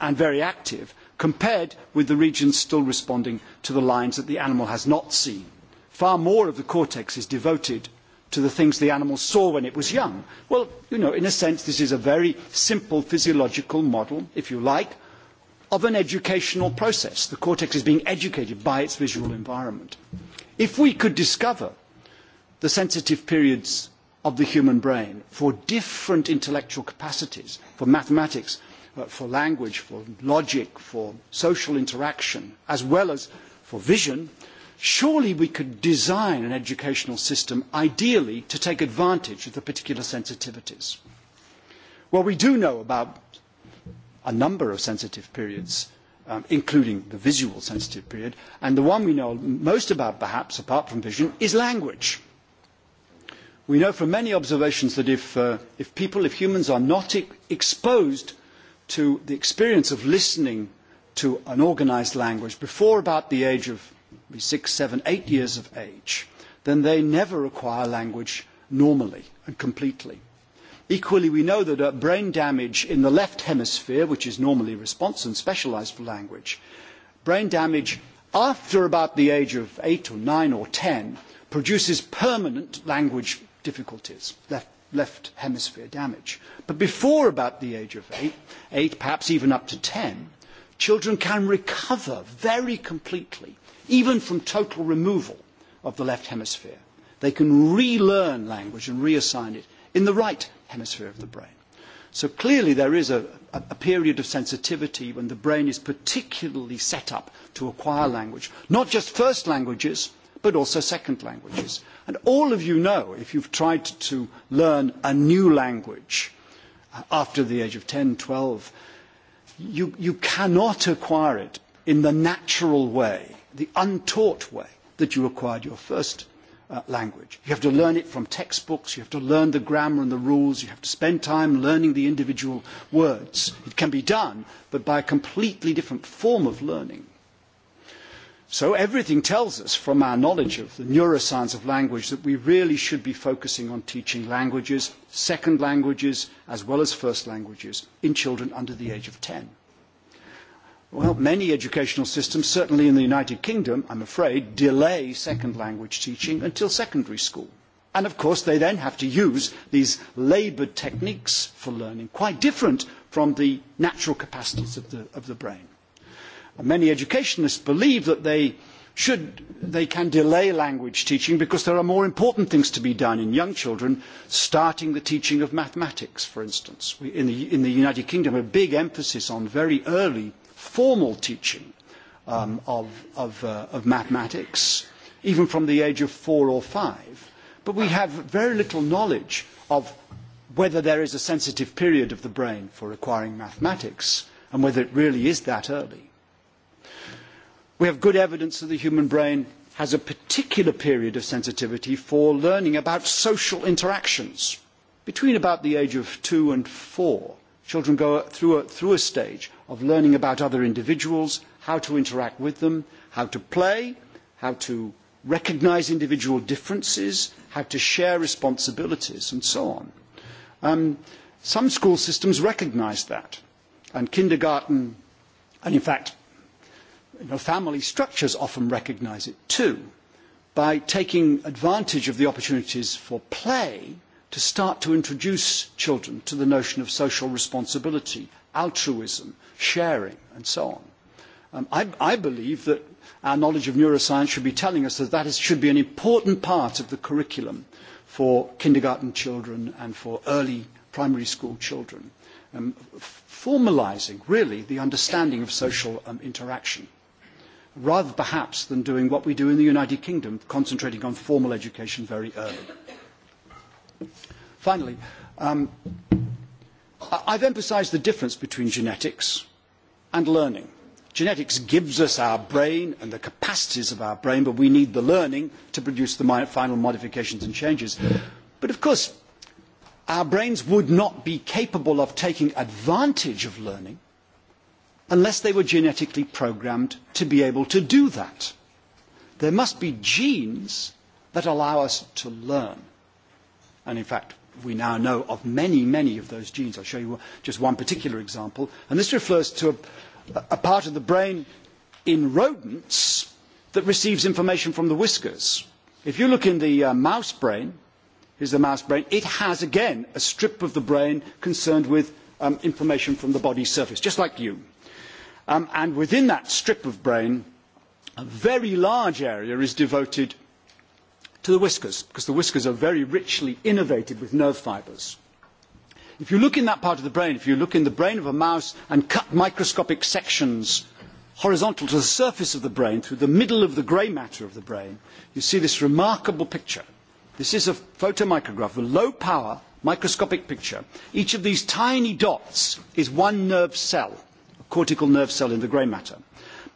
and very active, compared with the regions still responding to the lines that the animal has not seen. Far more of the cortex is devoted to the things the animal saw when it was young. Well, you know, in a sense, this is a very simple physiological model, if you like, of an educational process. The cortex is being educated by its visual environment. If we could discover the sensitive periods of the human brain for different intellectual capacities, for mathematics, for language, for logic, for social interaction, as well as for vision, surely we could design an educational system ideally to take advantage of the particular sensitivities. Well, we do know about a number of sensitive periods, including the visual sensitive period, and the one we know most about, perhaps, apart from vision, is language We know from many observations that if people, if humans are not exposed to the experience of listening to an organised language before about the age of six, seven, eight years of age, then they never acquire language normally and completely. Equally, we know that brain damage in the left hemisphere, which is normally responsive and specialised for language, brain damage after about the age of eight or nine or ten produces permanent language difficulties, left hemisphere damage. But before about the age of eight, eight perhaps even up to 10, children can recover very completely, even from total removal of the left hemisphere. They can relearn language and reassign it in the right hemisphere of the brain. So clearly there is a period of sensitivity when the brain is particularly set up to acquire language, not just first languages but also second languages. And all of you know, if you've tried to learn a new language after the age of 10, 12, you cannot acquire it in the natural way, the untaught way that you acquired your first language. You have to learn it from textbooks, you have to learn the grammar and the rules, you have to spend time learning the individual words. It can be done, but by a completely different form of learning So everything tells us from our knowledge of the neuroscience of language that we really should be focusing on teaching languages, second languages, as well as first languages, in children under the age of 10. Well, many educational systems, certainly in the United Kingdom, I'm afraid, delay second language teaching until secondary school. And of course they then have to use these laboured techniques for learning, quite different from the natural capacities of the brain many educationists believe that they they can delay language teaching because there are more important things to be done in young children, starting the teaching of mathematics, for instance. In the United Kingdom, a big emphasis on very early formal teaching of mathematics, even from the age of four or five. But we have very little knowledge of whether there is a sensitive period of the brain for acquiring mathematics and whether it really is that early we have good evidence that the human brain has a particular period of sensitivity for learning about social interactions between about the age of two and four children go through a stage of learning about other individuals how to interact with them how to play how to recognise individual differences how to share responsibilities and so on. some school systems recognise that and kindergarten and in fact family structures often recognise it too, by taking advantage of the opportunities for play to start to introduce children to the notion of social responsibility, altruism, sharing, and so on. I believe that our knowledge of neuroscience should be telling us that that should be an important part of the curriculum for kindergarten children and for early primary school children, formalising, really, the understanding of social interaction rather perhaps than doing what we do in the United Kingdom, concentrating on formal education very early. Finally, I I've emphasised the difference between genetics and learning. Genetics gives us our brain and the capacities of our brain, but we need the learning to produce the final modifications and changes. But of course, our brains would not be capable of taking advantage of learning unless they were genetically programmed to be able to do that. There must be genes that allow us to learn. And in fact, we now know of many, many of those genes. I'll show you just one particular example. And this refers to a part of the brain in rodents that receives information from the whiskers. If you look in the mouse brain, here's the mouse brain, it has, again, a strip of the brain concerned with information from the body surface, just like you and within that strip of brain a very large area is devoted to the whiskers because the whiskers are very richly innervated with nerve fibres. If you look in that part of the brain, if you look in the brain of a mouse and cut microscopic sections horizontal to the surface of the brain through the middle of the grey matter of the brain, you see this remarkable picture. This is a photomicrograph, a low power microscopic picture. Each of these tiny dots is one nerve cell cortical nerve cell in the grey matter.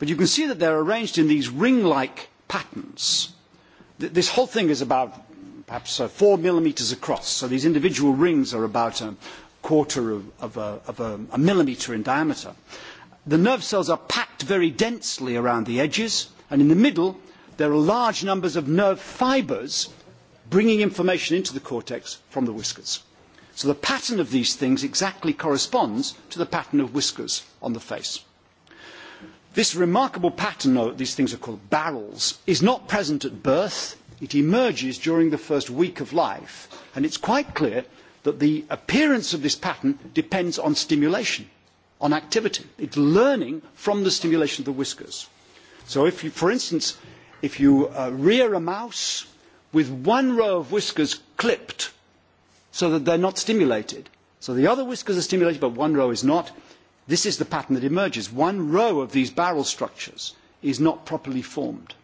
But you can see that they are arranged in these ring-like patterns. This whole thing is about perhaps four millimetres across, so these individual rings are about a quarter of a millimetre in diameter. The nerve cells are packed very densely around the edges, and in the middle there are large numbers of nerve fibres bringing information into the cortex from the whiskers. So the pattern of these things exactly corresponds to the pattern of whiskers on the face. This remarkable pattern, these things are called barrels, is not present at birth. It emerges during the first week of life. And it's quite clear that the appearance of this pattern depends on stimulation, on activity. It's learning from the stimulation of the whiskers. So if you, for instance, if you rear a mouse with one row of whiskers clipped so that they're not stimulated. So the other whiskers are stimulated, but one row is not. This is the pattern that emerges. One row of these barrel structures is not properly formed.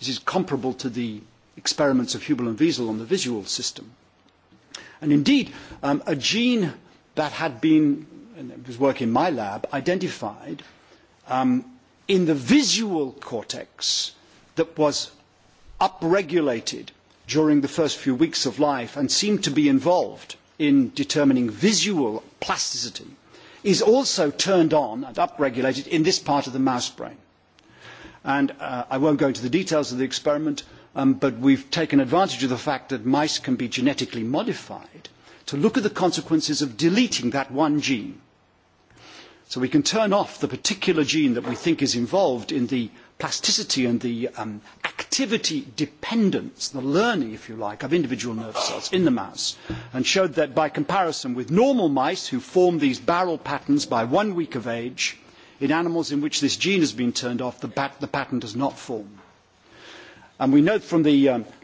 This is comparable to the experiments of Hubel and Wiesel on the visual system. And indeed, a gene that had been, and it was work in my lab, identified in the visual cortex that was upregulated during the first few weeks of life and seem to be involved in determining visual plasticity is also turned on and upregulated in this part of the mouse brain. And I won't go into the details of the experiment, but we've taken advantage of the fact that mice can be genetically modified to look at the consequences of deleting that one gene. So we can turn off the particular gene that we think is involved in the plasticity and the activity dependence, the learning, if you like, of individual nerve cells in the mouse, and showed that by comparison with normal mice who form these barrel patterns by one week of age, in animals in which this gene has been turned off, the pattern does not form. And we note from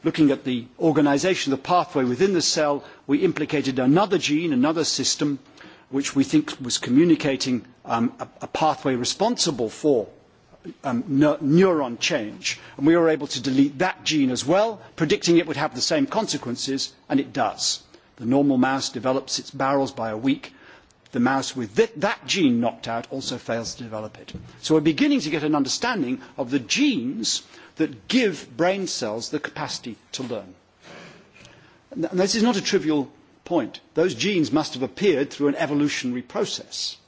looking at the organisation of the pathway within the cell, we implicated another gene, another system, which we think was communicating a pathway responsible for neuron change. And we were able to delete that gene as well, predicting it would have the same consequences, and it does. The normal mouse develops its barrels by a week. The mouse with that gene knocked out also fails to develop it. So we're beginning to get an understanding of the genes that give brain cells the capacity to learn. This is not a trivial point. Those genes must have appeared through an evolutionary process.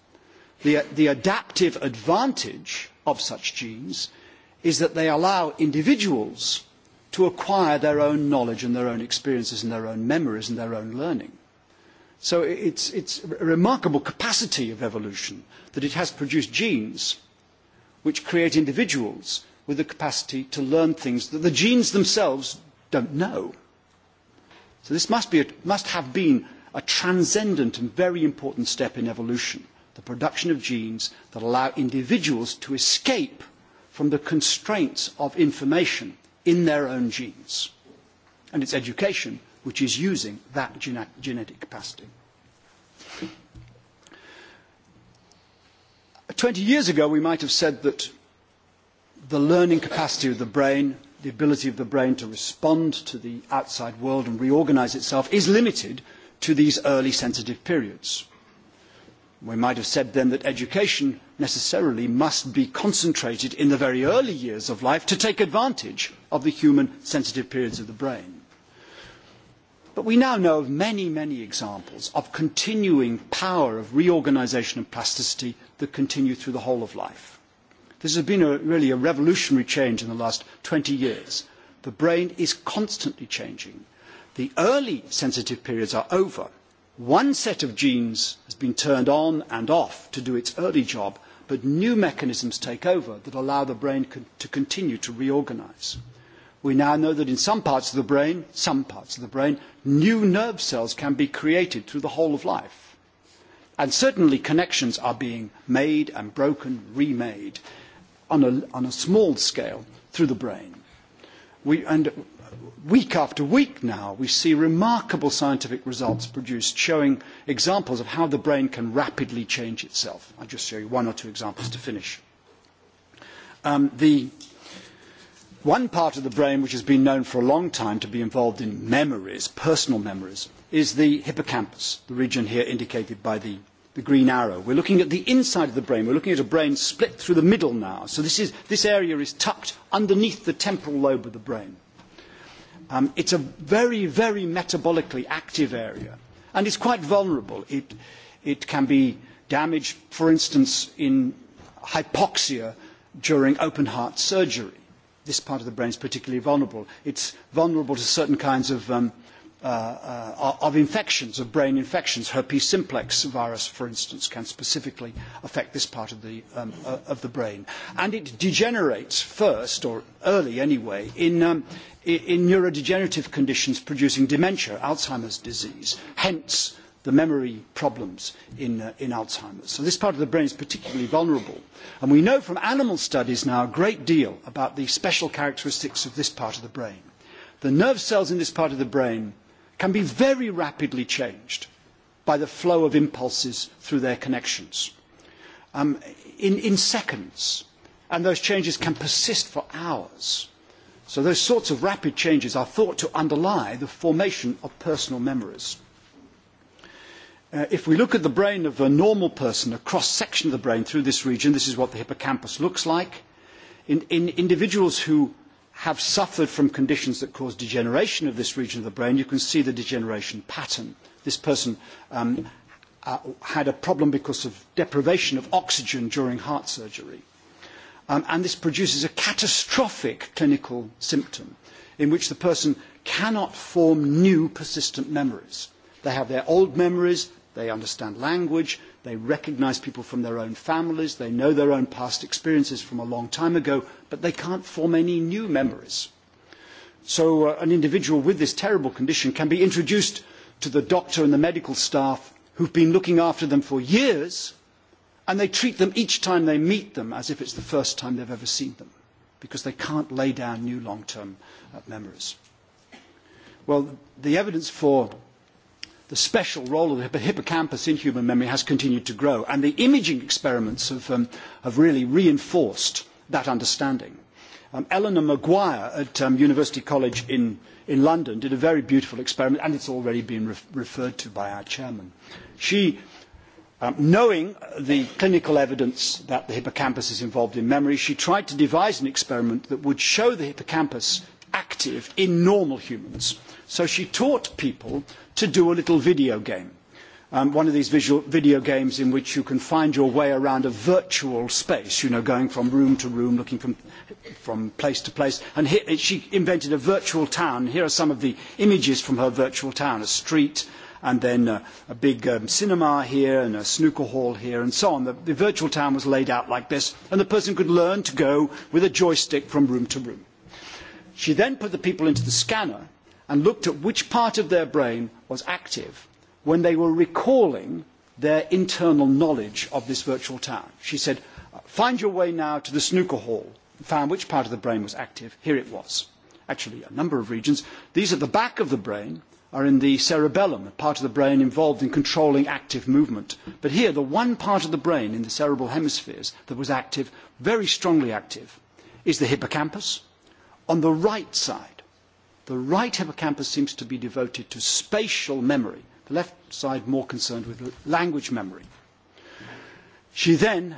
The adaptive advantage of such genes is that they allow individuals to acquire their own knowledge and their own experiences and their own memories and their own learning. So it's a remarkable capacity of evolution that it has produced genes which create individuals with the capacity to learn things that the genes themselves don't know. So this must be must have been a transcendent and very important step in evolution the production of genes that allow individuals to escape from the constraints of information in their own genes. And it's education which is using that genetic capacity. Twenty years ago, we might have said that the learning capacity of the brain, the ability of the brain to respond to the outside world and reorganize itself, is limited to these early sensitive periods. We might have said then that education necessarily must be concentrated in the very early years of life to take advantage of the human sensitive periods of the brain. But we now know of many, many examples of continuing power of reorganisation and plasticity that continue through the whole of life. This has been really a revolutionary change in the last 20 years. The brain is constantly changing. The early sensitive periods are over One set of genes has been turned on and off to do its early job, but new mechanisms take over that allow the brain to continue to reorganise. We now know that in some parts of the brain, some parts of the brain, new nerve cells can be created through the whole of life. And certainly connections are being made and broken, remade on a small scale through the brain week after week now, we see remarkable scientific results produced showing examples of how the brain can rapidly change itself. I just show you one or two examples to finish. The one part of the brain which has been known for a long time to be involved in memories, personal memories, is the hippocampus, the region here indicated by the green arrow. We're looking at the inside of the brain. We're looking at a brain split through the middle now. So this area is tucked underneath the temporal lobe of the brain. It's a very, very metabolically active area, and it's quite vulnerable. It can be damaged, for instance, in hypoxia during open-heart surgery. This part of the brain is particularly vulnerable. It's vulnerable to certain kinds of infections, of brain infections. Herpes simplex virus, for instance, can specifically affect this part of the brain. And it degenerates first, or early anyway, in in neurodegenerative conditions producing dementia, Alzheimer's disease, hence the memory problems in Alzheimer's. So this part of the brain is particularly vulnerable. And we know from animal studies now a great deal about the special characteristics of this part of the brain. The nerve cells in this part of the brain can be very rapidly changed by the flow of impulses through their connections in seconds. And those changes can persist for hours So those sorts of rapid changes are thought to underlie the formation of personal memories. If we look at the brain of a normal person, a cross-section of the brain through this region, this is what the hippocampus looks like. In individuals who have suffered from conditions that cause degeneration of this region of the brain, you can see the degeneration pattern. This person had a problem because of deprivation of oxygen during heart surgery and this produces a catastrophic clinical symptom in which the person cannot form new persistent memories. They have their old memories, they understand language, they recognise people from their own families, they know their own past experiences from a long time ago, but they can't form any new memories. So an individual with this terrible condition can be introduced to the doctor and the medical staff who've been looking after them for years and they treat them each time they meet them as if it's the first time they've ever seen them because they can't lay down new long-term memories. Well, the evidence for the special role of the hippocampus in human memory has continued to grow, and the imaging experiments have really reinforced that understanding. Eleanor Maguire at University College in London did a very beautiful experiment, and it's already been referred to by our chairman. She Knowing the clinical evidence that the hippocampus is involved in memory, she tried to devise an experiment that would show the hippocampus active in normal humans. So she taught people to do a little video game, one of these video games in which you can find your way around a virtual space, you know, going from room to room, looking from place to place. And she invented a virtual town. Here are some of the images from her virtual town: a street and then a big cinema here and a snooker hall here and so on. The virtual town was laid out like this, and the person could learn to go with a joystick from room to room. She then put the people into the scanner and looked at which part of their brain was active when they were recalling their internal knowledge of this virtual town. She said, find your way now to the snooker hall, found which part of the brain was active. Here it was. Actually, a number of regions. These are the back of the brain are in the cerebellum, a part of the brain involved in controlling active movement. But here, the one part of the brain in the cerebral hemispheres that was active, very strongly active, is the hippocampus. On the right side, the right hippocampus seems to be devoted to spatial memory, the left side more concerned with language memory. She then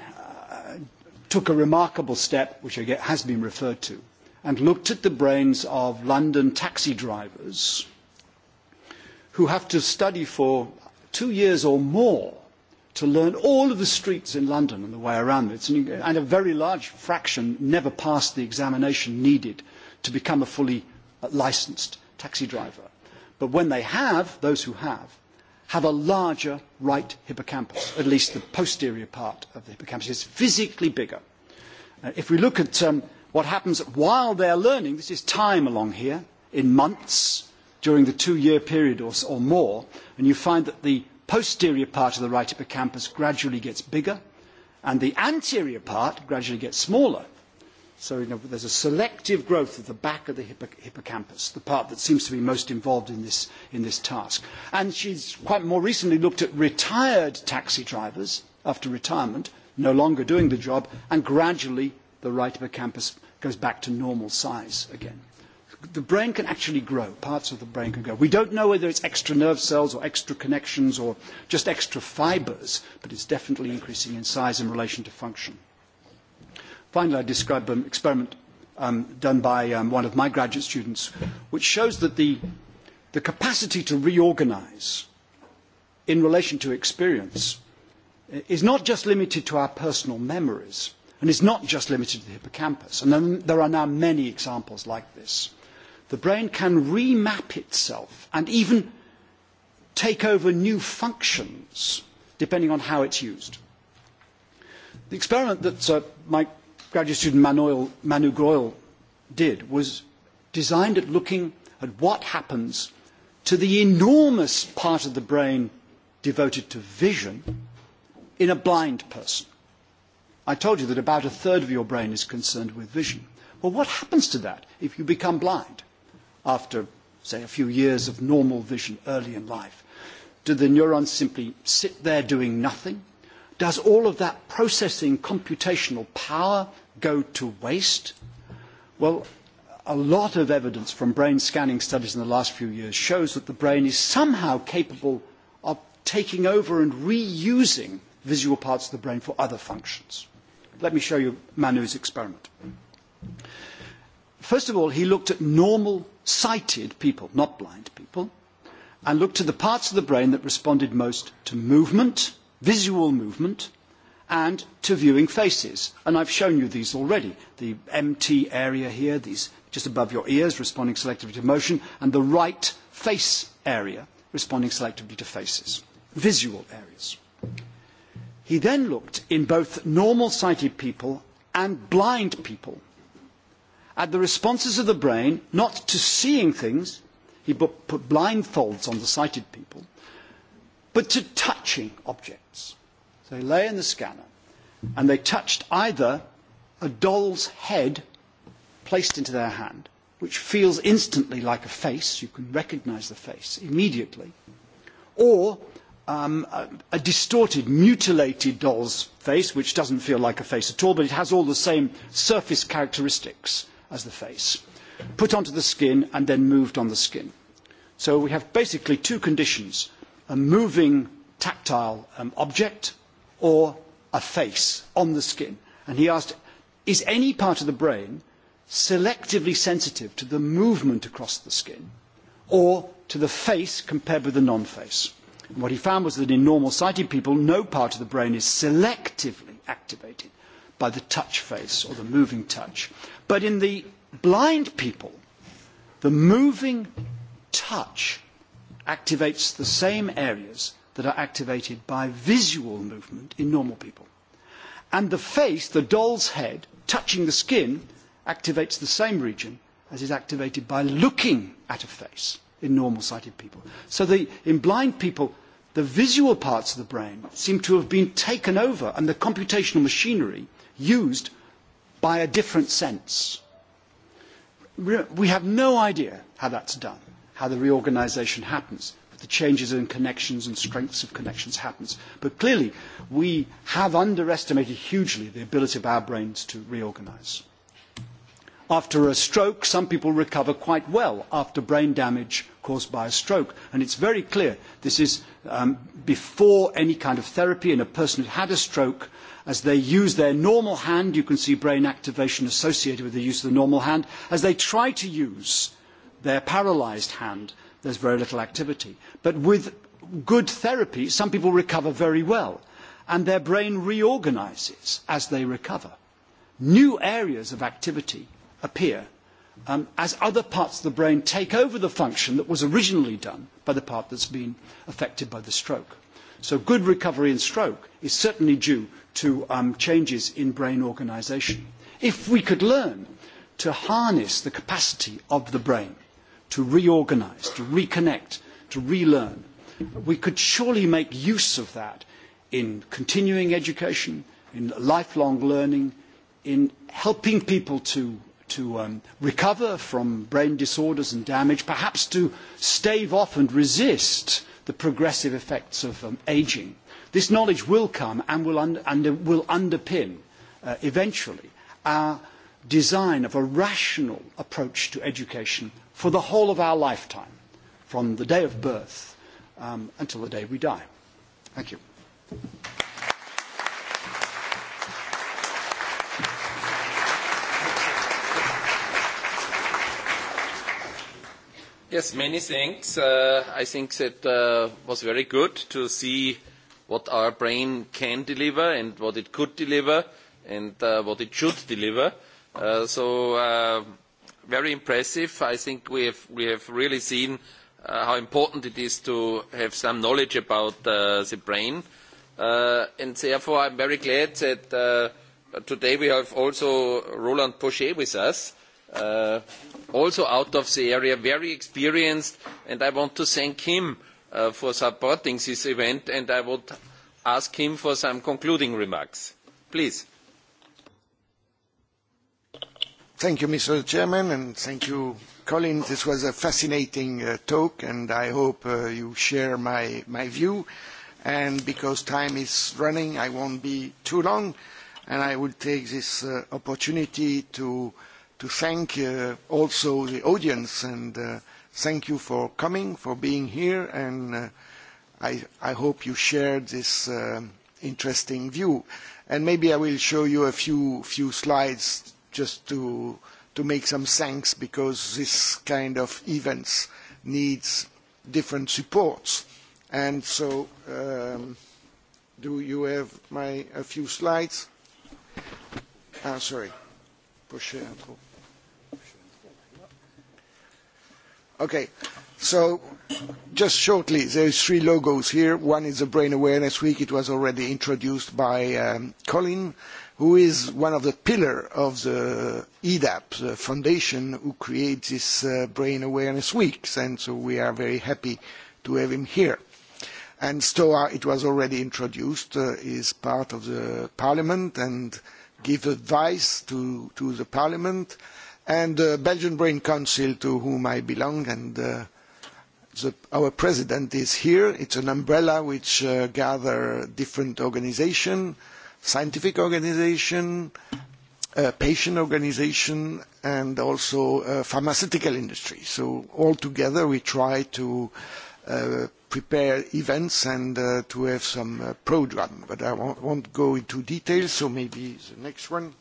took a remarkable step, which has been referred to, and looked at the brains of London taxi drivers who have to study for two years or more to learn all of the streets in London and the way around it. And a very large fraction never pass the examination needed to become a fully licensed taxi driver. But when they have, those who have, have a larger right hippocampus, at least the posterior part of the hippocampus is physically bigger. If we look at what happens while they are learning, this is time along here, in months, during the two-year period or more, and you find that the posterior part of the right hippocampus gradually gets bigger, and the anterior part gradually gets smaller. So there's a selective growth of the back of the hippocampus, the part that seems to be most involved in this task. And she's quite more recently looked at retired taxi drivers after retirement, no longer doing the job, and gradually the right hippocampus goes back to normal size again the brain can actually grow. Parts of the brain can grow. We don't know whether it's extra nerve cells or extra connections or just extra fibers, but it's definitely increasing in size in relation to function. Finally, I describe an experiment done by one of my graduate students, which shows that the capacity to reorganize in relation to experience is not just limited to our personal memories, and is not just limited to the hippocampus. And there are now many examples like this the brain can remap itself and even take over new functions depending on how it's used. The experiment that my graduate student Manu Groil did was designed at looking at what happens to the enormous part of the brain devoted to vision in a blind person. I told you that about a third of your brain is concerned with vision. Well, what happens to that if you become blind? after, say, a few years of normal vision early in life? Do the neurons simply sit there doing nothing? Does all of that processing computational power go to waste? Well, a lot of evidence from brain scanning studies in the last few years shows that the brain is somehow capable of taking over and reusing visual parts of the brain for other functions. Let me show you Manu's experiment. First of all, he looked at normal sighted people, not blind people, and looked at the parts of the brain that responded most to movement, visual movement, and to viewing faces. And I've shown you these already. The MT area here, these just above your ears, responding selectively to motion, and the right face area, responding selectively to faces. Visual areas. He then looked in both normal sighted people and blind people at the responses of the brain, not to seeing things, he put blindfolds on the sighted people, but to touching objects. So they lay in the scanner and they touched either a doll's head placed into their hand, which feels instantly like a face, you can recognise the face immediately, or a distorted, mutilated doll's face, which doesn't feel like a face at all, but it has all the same surface characteristics as the face, put onto the skin and then moved on the skin. So we have basically two conditions, a moving tactile object or a face on the skin. And he asked, is any part of the brain selectively sensitive to the movement across the skin or to the face compared with the non-face? And What he found was that in normal sighted people, no part of the brain is selectively activated by the touch face or the moving touch. But in the blind people, the moving touch activates the same areas that are activated by visual movement in normal people. And the face, the doll's head, touching the skin, activates the same region as is activated by looking at a face in normal-sighted people. So in blind people, the visual parts of the brain seem to have been taken over, and the computational machinery used by a different sense. We have no idea how that's done, how the reorganisation happens, the changes in connections and strengths of connections happens. But clearly, we have underestimated hugely the ability of our brains to reorganise. After a stroke, some people recover quite well after brain damage caused by a stroke. And it's very clear this is before any kind of therapy in a person who had a stroke. As they use their normal hand, you can see brain activation associated with the use of the normal hand. As they try to use their paralysed hand, there's very little activity. But with good therapy, some people recover very well. And their brain reorganises as they recover. New areas of activity appear as other parts of the brain take over the function that was originally done by the part that's been affected by the stroke. So good recovery in stroke is certainly due to changes in brain organization. If we could learn to harness the capacity of the brain to reorganise, to reconnect, to relearn, we could surely make use of that in continuing education, in lifelong learning, in helping people to to recover from brain disorders and damage, perhaps to stave off and resist the progressive effects of aging. This knowledge will come and will underpin eventually our design of a rational approach to education for the whole of our lifetime, from the day of birth until the day we die. Thank you. Yes, many thanks. I think that was very good to see what our brain can deliver and what it could deliver and what it should deliver. So very impressive. I think we have really seen how important it is to have some knowledge about the brain. And therefore, I'm very glad that today we have also Roland Pochet with us also out of the area, very experienced, and I want to thank him for supporting this event, and I would ask him for some concluding remarks. Please. Thank you, Mr. Chairman, and thank you, Colin. This was a fascinating talk, and I hope you share my view. And because time is running, I won't be too long, and I will take this opportunity to to thank also the audience and thank you for coming, for being here, and I hope you shared this interesting view. And maybe I will show you a few few slides just to to make some thanks because this kind of events needs different supports. And so, do you have my a few slides? Ah, sorry, Okay, so just shortly, there are three logos here. One is the Brain Awareness Week. It was already introduced by Colin, who is one of the pillars of the EDAP, the foundation who creates this Brain Awareness Week, and so we are very happy to have him here. And STOA, it was already introduced, is part of the Parliament and gives advice to the Parliament and the Belgian Brain Council, to whom I belong, and our president is here. It's an umbrella which gathers different organisations, scientific organisations, patient organisations, and also pharmaceutical industry. So all together we try to prepare events and to have some programme. But I won't go into details, so maybe the next one.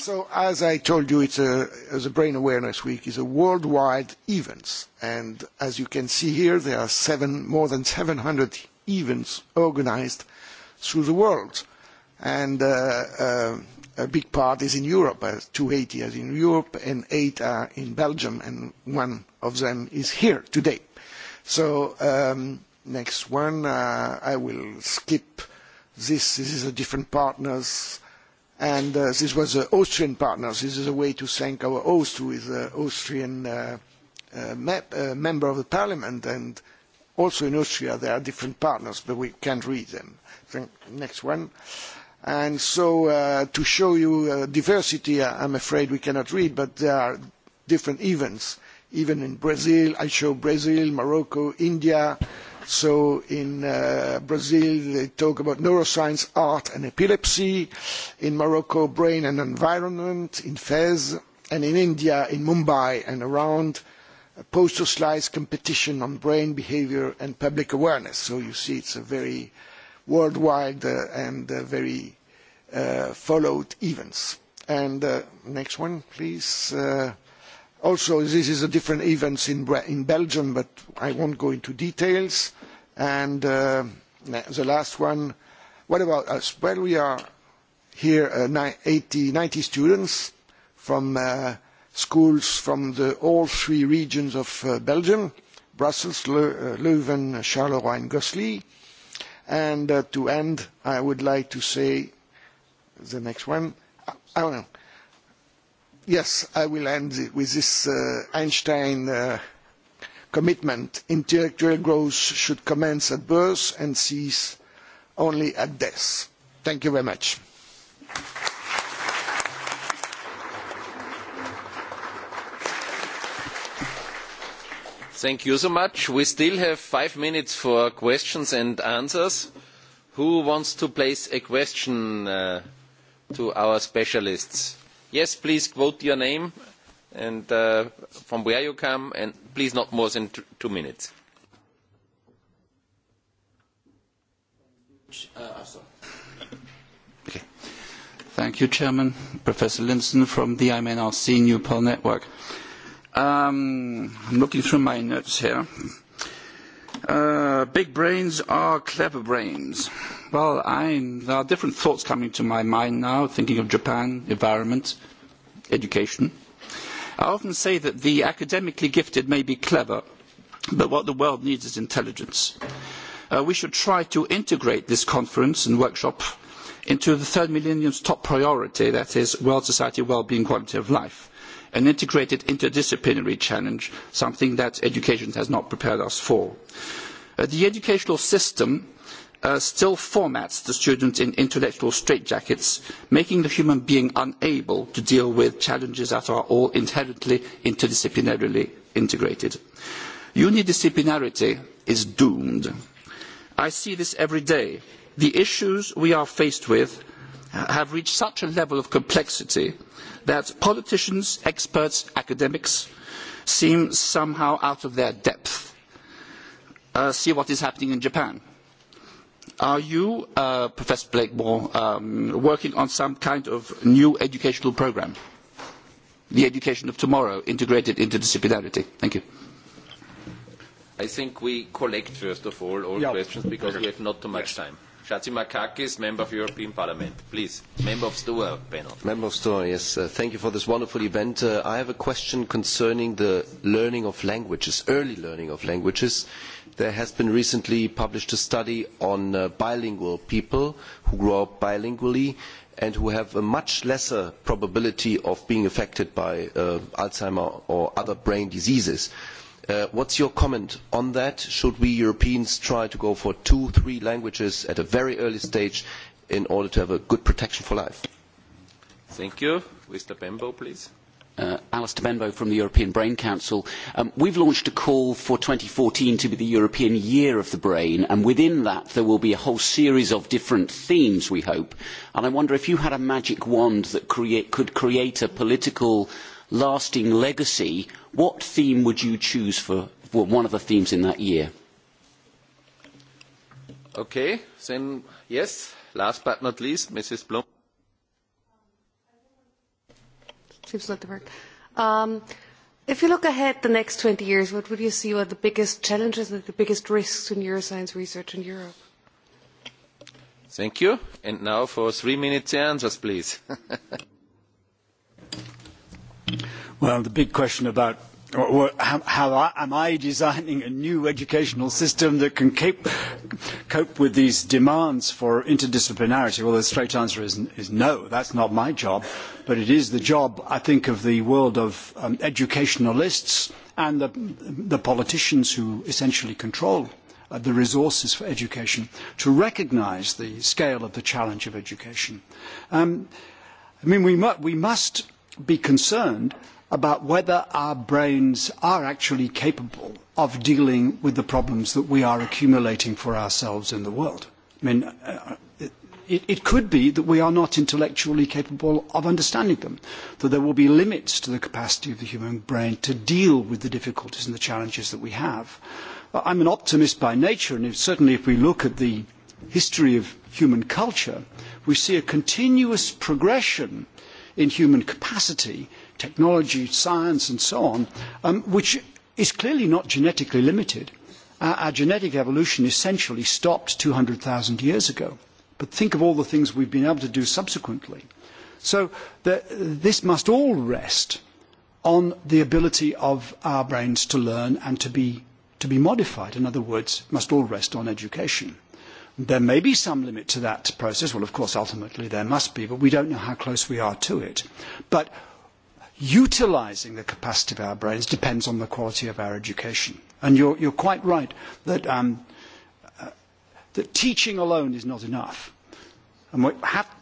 So, as I told you, it's a, as a Brain Awareness Week is a worldwide event, and as you can see here, there are seven, more than 700 events organised through the world, and a big part is in Europe, 280 is in Europe, and eight are in Belgium, and one of them is here today. So, next one, I will skip this. This is a different partners and this was the Austrian partners. This is a way to thank our host, who is an Austrian member of the parliament, and also in Austria there are different partners, but we can't read them. Next one. And so to show you diversity, I'm afraid we cannot read, but there are different events. Even in Brazil, I show Brazil, Morocco, India So in Brazil they talk about neuroscience, art and epilepsy, in Morocco brain and environment, in Fez, and in India in Mumbai and around poster slice competition on brain behaviour and public awareness. So you see it's a very worldwide and very followed events. And next one please. Also, this is a different event in Belgium, but I won't go into details. And the last one, what about us? Well, we are here 90 students from schools from all three regions of Belgium, Brussels, Leuven, Charleroi and Gosselies. And to end, I would like to say the next one. I don't know. Yes, I will end with this Einstein commitment. Intellectual growth should commence at birth and cease only at death. Thank you very much. Thank you so much. We still have five minutes for questions and answers. Who wants to place a question to our specialists? yes please quote your name and from where you come and please not more than two minutes. Thank you, Chairman. Professor Linson from the IMNRC Pearl Network. I'm looking through my notes here. Big brains are clever brains. Well, there are different thoughts coming to my mind now, thinking of Japan, environment, education. I often say that the academically gifted may be clever, but what the world needs is intelligence. We should try to integrate this conference and workshop into the third millennium's top priority, that is, world society, well-being, quality of life, an integrated interdisciplinary challenge, something that education has not prepared us for. The educational system still formats the student in intellectual straitjackets, making the human being unable to deal with challenges that are all inherently interdisciplinarily integrated. Unidisciplinarity is doomed. I see this every day. The issues we are faced with have reached such a level of complexity that politicians, experts, academics seem somehow out of their depth see what is happening in Japan. Are you, Professor Blakemore, working on some kind of new educational programme, the education of tomorrow, integrated interdisciplinarity? Thank you. I think we collect first of all all questions because we have not too much time. Makakis, Member of European Parliament. Please, Member of STOA panel. Member of STOA, yes. Thank you for this wonderful event. I have a question concerning the learning of languages, early learning of languages. There has been recently published a study on bilingual people who grow up bilingually and who have a much lesser probability of being affected by Alzheimer or other brain diseases. What's your comment on that? Should we Europeans try to go for two, three languages at a very early stage in order to have a good protection for life? Thank you. Mr. Bembo, please. Alistair Benbow from the European Brain Council. We've launched a call for 2014 to be the European Year of the Brain, and within that there will be a whole series of different themes, we hope. And I wonder if you had a magic wand that could create a political lasting legacy, what theme would you choose for one of the themes in that year? Okay, then yes. Last but not least, Mrs. Blum. Seems like the Um, If you look ahead the next 20 years, what would you see are the biggest challenges and the biggest risks in neuroscience research in Europe? Thank you. And now for three minutes answers, please. Well, the big question about how am I designing a new educational system that can cope with these demands for interdisciplinarity? Well, the straight answer is no. That's not my job, but it is the job, I think, of the world of educationalists and the politicians who essentially control the resources for education to recognise the scale of the challenge of education. I mean, we must be concerned about whether our brains are actually capable of dealing with the problems that we are accumulating for ourselves in the world. I mean, it could be that we are not intellectually capable of understanding them, that there will be limits to the capacity of the human brain to deal with the difficulties and the challenges that we have. I'm an optimist by nature, and certainly if we look at the history of human culture, we see a continuous progression in human capacity, technology, science and so on, which is clearly not genetically limited. Our genetic evolution essentially stopped 200,000 years ago. But think of all the things we've been able to do subsequently. So this must all rest on the ability of our brains to learn and to be modified. In other words, must all rest on education. There may be some limit to that process. Well, of course, ultimately there must be, but we don't know how close we are to it. But utilising the capacity of our brains depends on the quality of our education. And you're quite right that teaching alone is not enough. And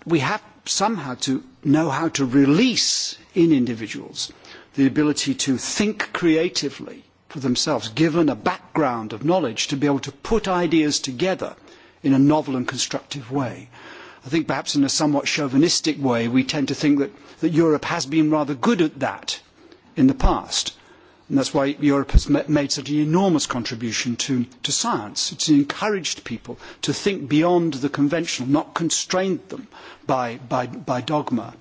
we have somehow to know how to release in individuals the ability to think creatively for themselves, given a background of knowledge, to be able to put ideas together in a novel and constructive way. I think perhaps in a somewhat chauvinistic way we tend to think that Europe has been rather good at that in the past. And that's why Europe has made such an enormous contribution to science. It's encouraged people to think beyond the conventional, not constrained them by dogma.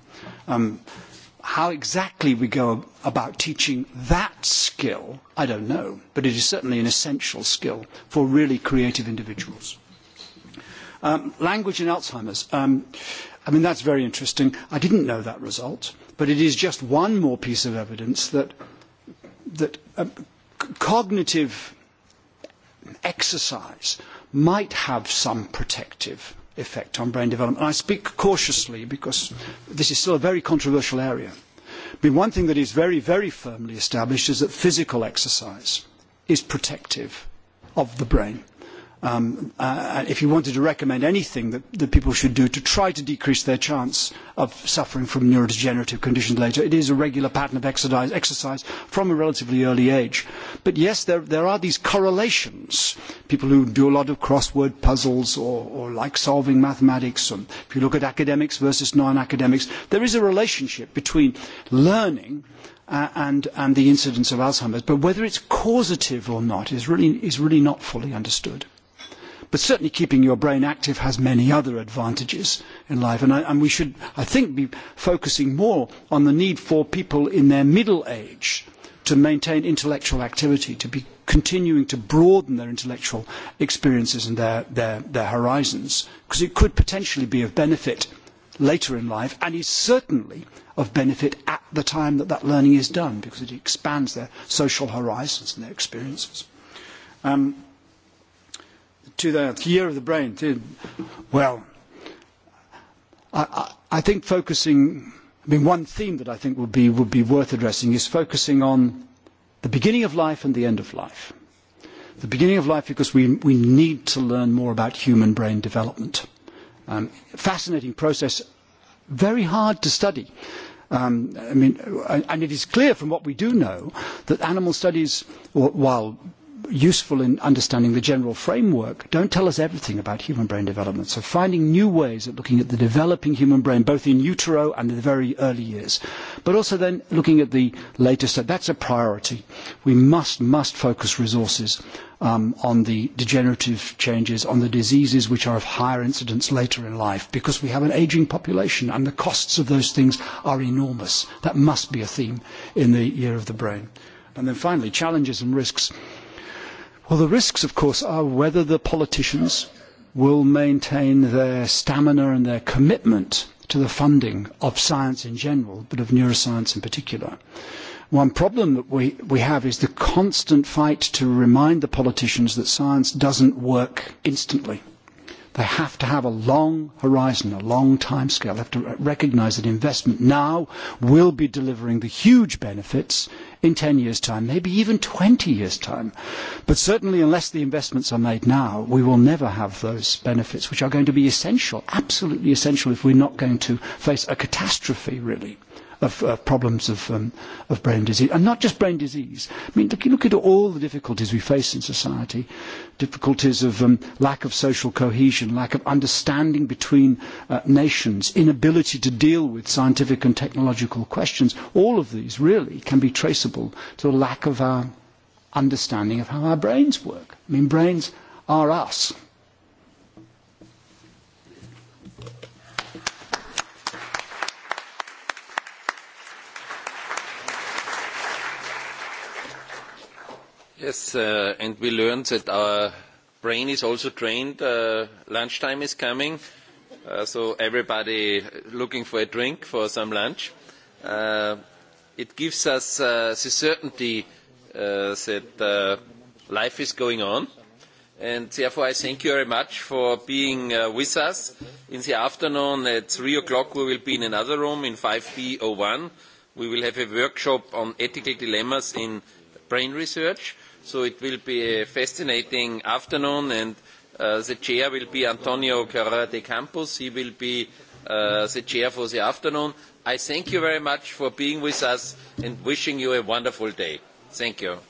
How exactly we go about teaching that skill, I don't know, but it is certainly an essential skill for really creative individuals. Language in Alzheimer's. I mean, that's very interesting. I didn't know that result, but it is just one more piece of evidence that cognitive exercise might have some protective effect on brain development. I speak cautiously because this is still a very controversial area. One thing that is very, very firmly established is that physical exercise is protective of the brain if you wanted to recommend anything that people should do to try to decrease their chance of suffering from neurodegenerative conditions later, it is a regular pattern of exercise from a relatively early age. But yes, there are these correlations. People who do a lot of crossword puzzles or like solving mathematics, if you look at academics versus non-academics, there is a relationship between learning and the incidence of Alzheimer's. But whether it's causative or not is really not fully understood. But certainly keeping your brain active has many other advantages in life. And we should, I think, be focusing more on the need for people in their middle age to maintain intellectual activity, to be continuing to broaden their intellectual experiences and their horizons, because it could potentially be of benefit later in life and is certainly of benefit at the time that that learning is done because it expands their social horizons and their experiences to that year of the brain. Well, I think focusing, I mean, one theme that I think would be would be worth addressing is focusing on the beginning of life and the end of life. The beginning of life because we we need to learn more about human brain development. Fascinating process, very hard to study. I mean, and it is clear from what we do know that animal studies, while useful in understanding the general framework, don't tell us everything about human brain development. So finding new ways of looking at the developing human brain, both in utero and in the very early years, but also then looking at the later stage. That's a priority. We must, must focus resources on the degenerative changes, on the diseases which are of higher incidence later in life, because we have an aging population and the costs of those things are enormous. That must be a theme in the year of the brain. And then finally, challenges and risks. Well, the risks, of course, are whether the politicians will maintain their stamina and their commitment to the funding of science in general, but of neuroscience in particular. One problem that we have is the constant fight to remind the politicians that science doesn't work instantly. They have to have a long horizon, a long time scale. They have to recognise that investment now will be delivering the huge benefits in 10 years' time, maybe even 20 years' time. But certainly unless the investments are made now, we will never have those benefits, which are going to be essential, absolutely essential, if we're not going to face a catastrophe, really of problems of of brain disease. And not just brain disease. I mean, look at all the difficulties we face in society. Difficulties of lack of social cohesion, lack of understanding between nations, inability to deal with scientific and technological questions. All of these really can be traceable to a lack of our understanding of how our brains work. I mean, brains are us. Yes, and we learned that our brain is also trained. Lunchtime is coming, so everybody looking for a drink for some lunch. It gives us the certainty that life is going on, and therefore I thank you very much for being with us. In the afternoon at 3 o'clock we will be in another room in 5B01. We will have a workshop on ethical dilemmas in brain research So it will be a fascinating afternoon and the chair will be Antonio Carrera de Campos. He will be the chair for the afternoon. I thank you very much for being with us and wishing you a wonderful day. Thank you.